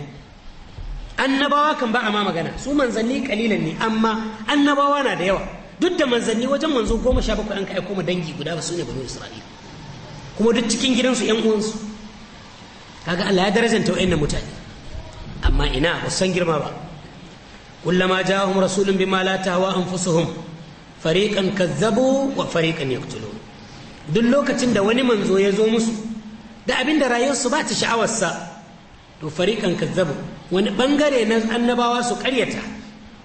annabawa kan ba a ma magana su manzanni kalilan ne amma annabawa na da yawa duk da manzanni wajen manzo goma sha bakwai an ka aiko ma dangi guda ba su ne isra'ila kuma duk cikin gidansu yan uwansu kaga Allah ya darajanta wa'annan mutane amma ina ba san girma ba kullama ja'ahum rasulun bima la tahwa anfusuhum fariƙan kazzabu wa fariƙan yaktulu duk lokacin da wani manzo ya zo musu da abin da rayuwarsu ba ta sha'awarsa to fariƙan kazzabu wani bangare na annabawa su karyata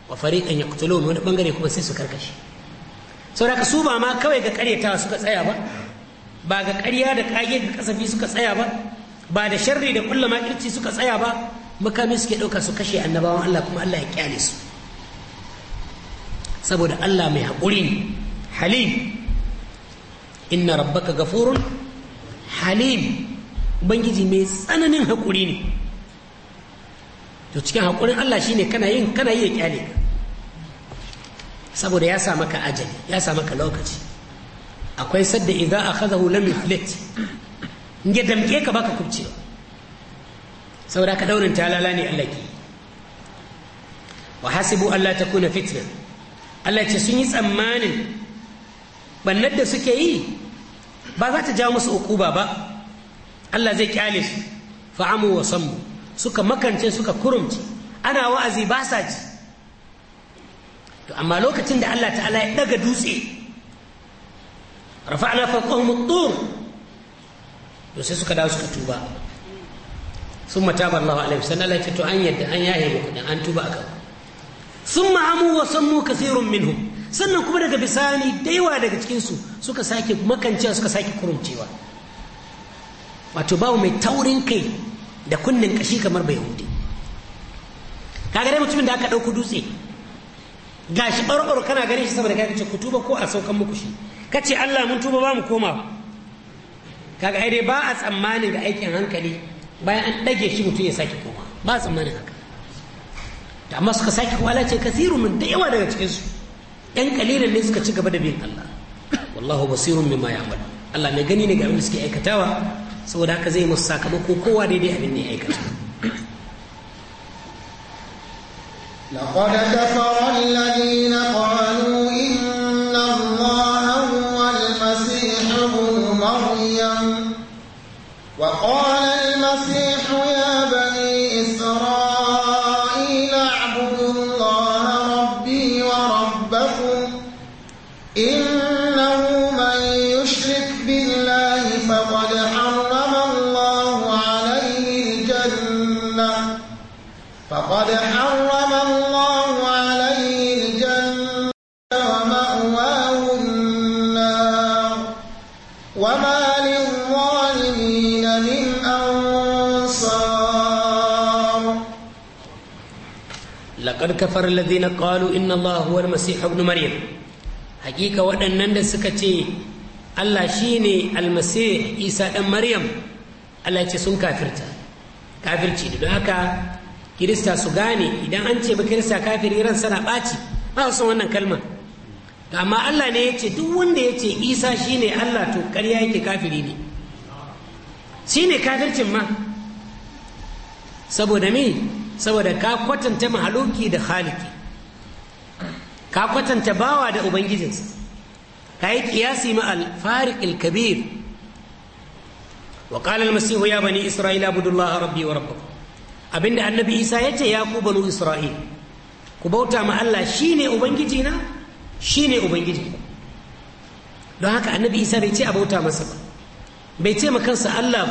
wa fariƙan yaktulu wani bangare kuma sai su karkashe saboda su ba ma kawai ga karyatawa suka tsaya ba ba ga ƙarya da ƙage da kasafi suka tsaya ba ba da sharri da kulla makirci suka tsaya ba makami suke ɗauka su kashe annabawan Allah kuma Allah ya kyale su saboda Allah mai haƙuri ne halim inna rabbaka gafurun halim ubangiji mai tsananin haƙuri ne to cikin haƙurin Allah shine kana yin kana yi ya kyale ka saboda ya sa maka ajali ya sa maka lokaci akwai sadda idza akhadahu lam yuflit inge damke ka baka kubcewa saboda ka daurin talala ne Allah ke wa hasibu Allah kuna fitna Allah ce sun yi tsammanin bannar da suke yi ba za ta jawo musu ukuba ba Allah zai kyale su fa'amu wa sammu suka makance suka kurumci ana wa'azi ba sa ji to amma lokacin da Allah ta'ala ya daga dutse rafa'na fawqahum at-tur to sai suka dawo suka tuba sun mataba Allah alaihi wasallam Allah ya ce to an yadda an yahe muku an tuba akan sun ma'amu wa mu kasirun minhum sannan kuma daga bisani da yawa daga cikinsu suka sake makancewa suka sake kurumcewa wato babu mai taurin kai da kunnen kashi kamar bai hudu kaga dai mutumin da aka ɗauku dutse gashi ɓarɓar kana ganin shi saboda kai ce ku tuba ko a saukan muku shi kace Allah mun tuba ba mu koma kaga ai dai ba a tsammanin ga aikin hankali bayan an ɗage shi mutum ya sake koma ba tsammanin haka da amma suka sake wala ce kasiru min da yawa daga cikinsu yan kalilan ne suka ci gaba da bin Allah wallahu basirun bima ya'mal Allah mai gani ne ga abin da suke aikatawa saboda haka zai musu sakamako kowa daidai abin da ya aikata لقد كفر الذين قالوا laqad kafar alladhina qalu inna allaha huwa almasih ibn maryam hakika waɗannan da suka ce Allah shine almasih isa dan maryam Allah ce sun kafirta kafirci da haka kirista su gane idan an ce ba kirista kafiri ran sana ɓaci ba su wannan kalmar amma Allah ne ya ce duk wanda ya ce isa shine Allah to ƙarya yake kafiri ne ne kafircin ma saboda me saboda ka kwatanta mahaluki da khaliki ka kwatanta bawa da ubangijinsa ka yi kiyasi ma alfarik alkabir wa qala almasihu ya bani isra'ila abudullah rabbi wa rabbakum abinda annabi isa ya ce ya ku banu isra'il ku bauta ma allah shine ubangiji na shine ubangiji don haka annabi isa bai ce a bauta masa ba bai ce ma kansa allah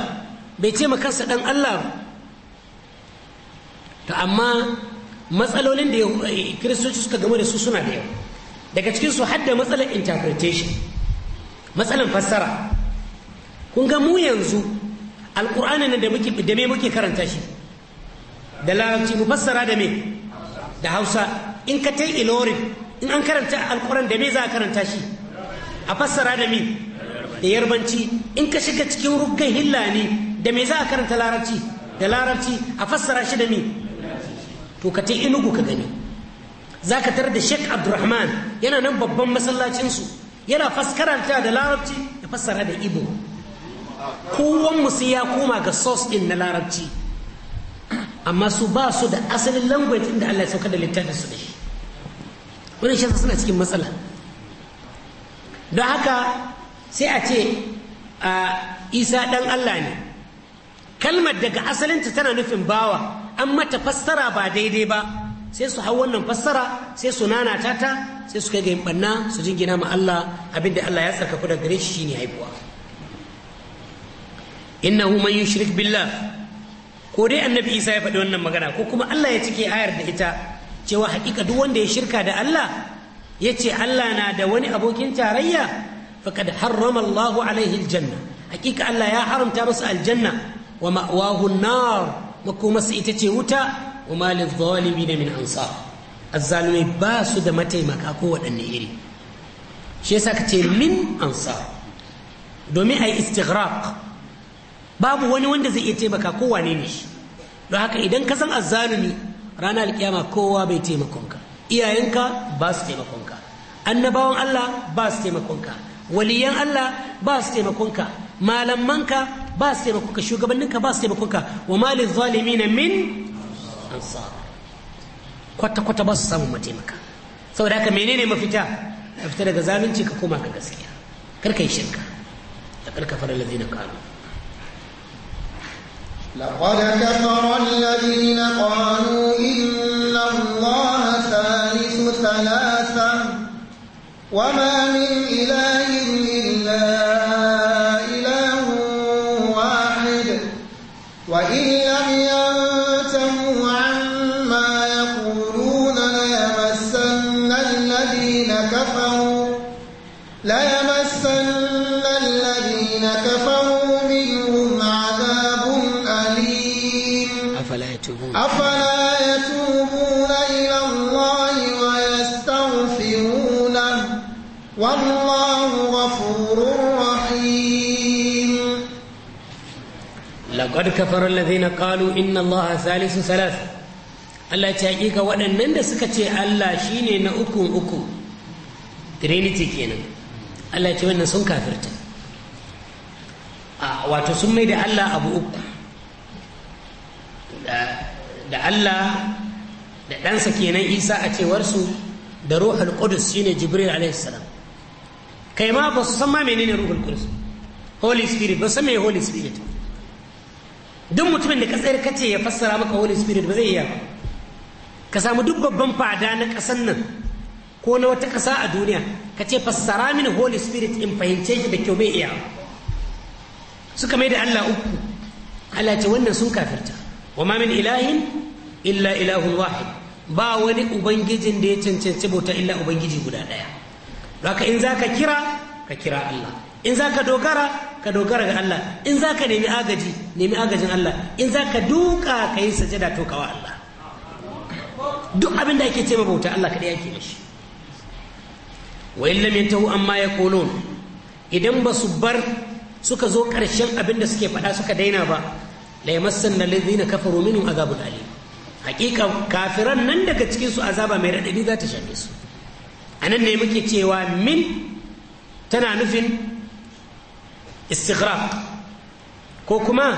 bai ce ma kansa dan allah ba to amma matsalolin da eh, kiristoci suka game da su suna da yawa daga cikinsu hadda matsalar interpretation matsalar fassara kun ga mu yanzu alƙur'ani ne da me muke karanta shi da larabci mu fassara da me da hausa in ka ta ilorin in an karanta alƙur'an da me za a karanta shi a fassara da me da yarbanci in ka shiga cikin rukkan hilla da me za a karanta larabci da larabci a fassara shi da me to ka inugu ka gani za ka tar da sheikh abdurrahman yana nan babban masallacinsu yana faskaranta da larabci da fassara da ibo kowanmu sai ya koma ga sos ɗin na larabci amma su ba su da asalin language inda allah ya sauka da littafin su da shi wannan shi suna cikin matsala don haka sai a ce isa ɗan allah ne kalmar daga asalinta tana nufin bawa an mata fassara ba daidai ba sai su hau wannan fassara sai su nanata tata sai su kai ga banna su jingina ma Allah abinda Allah ya tsarkaku da gare shi shine haihuwa innahu man yushrik billah ko dai annabi Isa ya faɗi wannan magana ko kuma Allah ya cike ayar da ita cewa haƙiƙa duk wanda ya shirka da Allah ya ce Allah na da wani abokin tarayya faqad harrama Allahu alaihi aljanna haƙiƙa Allah ya haramta masa aljanna wa ma'wahu nar makomarsu ita ce wuta wa malin zalimi da min ansa azzalumai ba su da mataimaka ko waɗanne iri shi yasa ka ce min ansa domin a yi istighraq babu wani wanda zai iya taimaka ko wane ne shi don haka idan ka san azzalumi rana alkiyama kowa bai taimakonka iyayenka ba su taimakonka annabawan Allah ba su taimakonka waliyan Allah ba su taimakonka malamanka ba su taimakonka shugabanninka ba su taimakonka wa malin zalimi na min ansar kwata-kwata ba su samun mataimaka saboda haka menene mafita ka fita daga zalunci ka koma ga gaskiya karka yi shirka da karka fara lazina kanu لقد كفر الذين قالوا إن الله ثالث ثلاثة وما من إله إلا والله غفور رحيم لقد كفر الذين قالوا إن الله ثالث ثلاثة Allah ta ka waɗannan da suka ce Allah shine na ukun uku Trinity kenan Allah ce wannan sun kafirta a wato sun mai da Allah abu uku da Allah da ɗansa kenan Isa a cewarsu da Ruhul Qudus shine Jibril alaihi kai ma ba su san ma menene ruhul qudus holy spirit ba san me holy spirit duk mutumin da ka tsayar ka ce ya fassara maka holy spirit ba zai iya ba ka samu duk babban fada na kasan nan ko na wata kasa a duniya ka ce fassara mini holy spirit in fahimce shi da kyau bai iya suka mai da Allah uku Allah ce wannan sun kafirta wa ma min ilahin illa ilahun wahid ba wani ubangijin da ya cancanci bauta illa ubangiji guda ɗaya haka in za ka kira ka kira Allah in za ka dogara ka dogara ga Allah in za ka nemi agaji nemi agajin Allah in za ka duka ka yi sajada to kawa Allah duk abin da ake ce bauta Allah kaɗai ake da shi wa in lam yantahu amma ya kolon idan ba su bar suka zo ƙarshen abin da suke faɗa suka daina ba la na alladhina kafaru minhum azabun alim hakika kafiran nan daga cikin su azaba mai raɗaɗi za ta shafe su a nan ne muke cewa min tana nufin istighraq ko kuma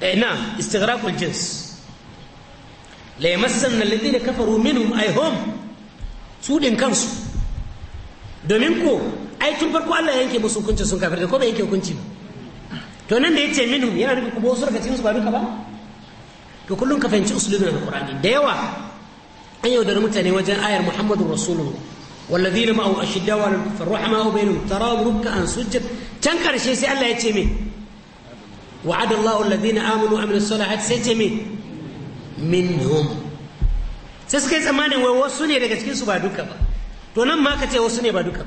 eh, na istighraqul jins la yamassanna alladhina kafaru minhum ay hum su din kansu domin ko ai tun farko Allah ya yanke musu hukunci sun kafirta ko ba yanke hukunci ba to nan da yace minhum yana nufin kuma wasu daga cikin su ba duka ba to kullum ka fahimci usulubin alqur'ani da yawa an yaudari mutane wajen ayar Muhammadu rasulullah والذين معه أشداء على الكفار رحماء بينهم تراهم ركعا سجد تنكر شيء سي الله يتيمي وعد الله الذين آمنوا وعملوا الصالحات سيتيمي منهم سيسكي زمانا ووصوني لك تكين سبا دوكا تو نم ما كتي وصوني با دوكا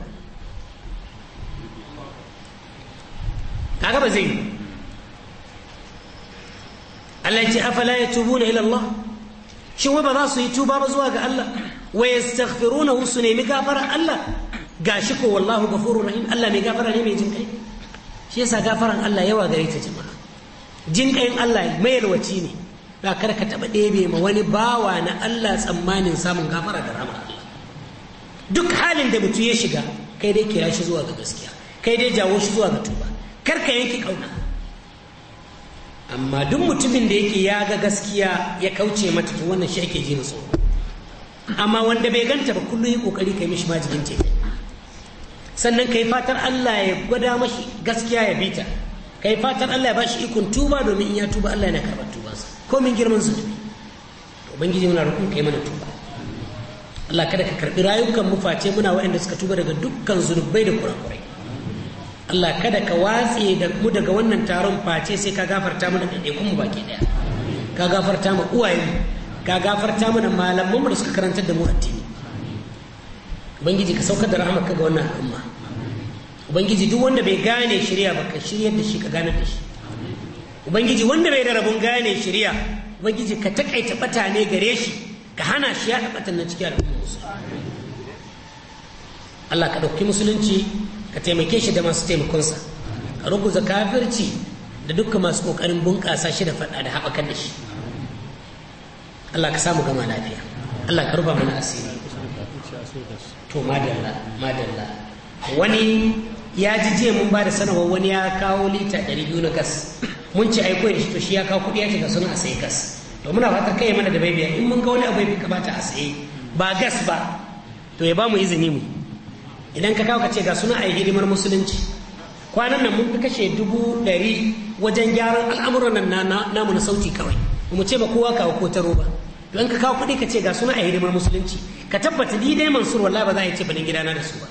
kaga ba zai Allah ya ce afala yatubuna ila Allah shin wa ba za su yi tuba ba zuwa ga Allah wa yastaghfirunahu su nemi gafara Allah gashi ko wallahu ghafurur rahim Allah mai gafara ne mai jin kai shi yasa gafaran Allah yawa gare ta jama'a jin kayan Allah mai yalwaci ne da kar ka taba ɗebe ma wani bawa na Allah tsammanin samun gafara da rama duk halin da mutum ya shiga kai dai kira shi zuwa ga gaskiya kai dai jawo shi zuwa ga tuba kar ka yanke kauna amma duk mutumin da yake ya ga gaskiya ya kauce mata to wannan shi ake ji na amma wanda bai ganta ba kullum yi kokari kai mishi majigin ce sannan kai fatar Allah ya gwada mashi gaskiya ya bita kai fatar Allah ya bashi ikon tuba domin in ya tuba Allah yana karɓar tubansa ko min girman zunubi to ubangiji muna roƙon kai mana tuba Allah kada ka karɓi rayukan mu face muna waɗanda suka tuba daga dukkan zunubai da kurakurai Allah kada ka watse da mu daga wannan taron face sai ka gafarta mana ɗaiɗaikun mu baki ɗaya ka gafarta ma Uwaye. ka gafarta mana malamanmu da suka karantar da mu addini ubangiji ka saukar da ka ga wannan al'umma ubangiji duk wanda bai gane shirya ba ka shiryar da shi ka ganar da shi ubangiji wanda bai da rabun gane shirya ubangiji ka takaita bata ne gare shi ka hana shi ya batan na cikin al'umma Allah ka ɗauki musulunci ka taimake shi da masu taimakonsa ka ruguza kafirci da dukkan masu ƙoƙarin bunƙasa shi da faɗa da haɓakar da shi Allah ka samu gama lafiya Allah ka rufa mana asiri to madalla madalla wani ya ji jiya mun ba da sanarwar wani ya kawo lita 200 na gas mun ci aiko da shi to shi ya kawo kuɗi ya shiga suna a sayi gas to muna fatar kai mana da baibiya in mun ga wani abu ya kamata a saye ba gas ba to ya ba mu izini mu idan ka kawo ka ce ga suna a yi hidimar musulunci kwanan nan mun fi kashe dubu ɗari wajen gyaran al'amuran nan namu na sauti kawai ba ce ba kowa ka ko taro ba don ka kawo kuɗi ka ce ga suna a hidimar musulunci ka tabbata ni dai mansur wallahi ba za a ce ba gidana da su ba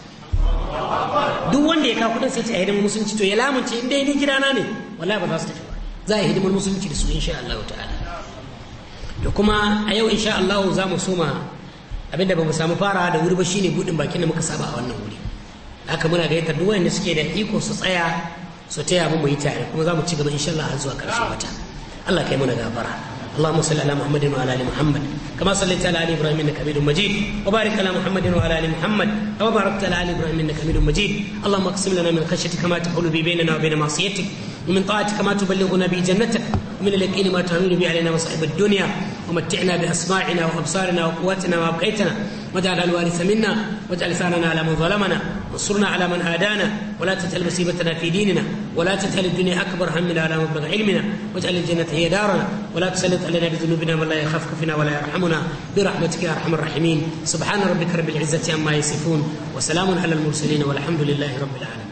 duk wanda ya kawo kuɗin sai ce a hidimar musulunci to ya lamunce in dai ni gidana ne wallahi ba za su tafi ba za a yi hidimar musulunci da su insha Allah ta'ala da kuma a yau insha Allah za mu soma abinda ba mu samu farawa da wuri ba shine budin bakin da muka saba a wannan wuri haka muna gayyatar duk wanda suke da iko su tsaya su taya mu yi tare kuma za mu ci gaba insha Allah har zuwa karshen wata Allah kai muna gafara اللهم صل على محمد وعلى ال محمد كما صليت على ال ابراهيم انك حميد مجيد وبارك على محمد وعلى ال محمد كما باركت على ال ابراهيم انك حميد مجيد اللهم اقسم لنا من خشيتك ما تحول به بيننا وبين معصيتك ومن طاعتك ما تبلغنا به جنتك ومن اليقين ما تهون به علينا مصائب الدنيا ومتعنا باسماعنا وابصارنا وقواتنا وابقيتنا واجعل الوارث منا واجعل لساننا على من ظلمنا وانصرنا على من عادانا ولا تجعل مصيبتنا في ديننا ولا تجعل الدنيا اكبر همنا ولا مبلغ علمنا واجعل الجنه هي دارنا ولا تسلط علينا بذنوبنا من لا يخافك فينا ولا يرحمنا برحمتك يا ارحم الراحمين سبحان ربك رب العزه عما يصفون وسلام على المرسلين والحمد لله رب العالمين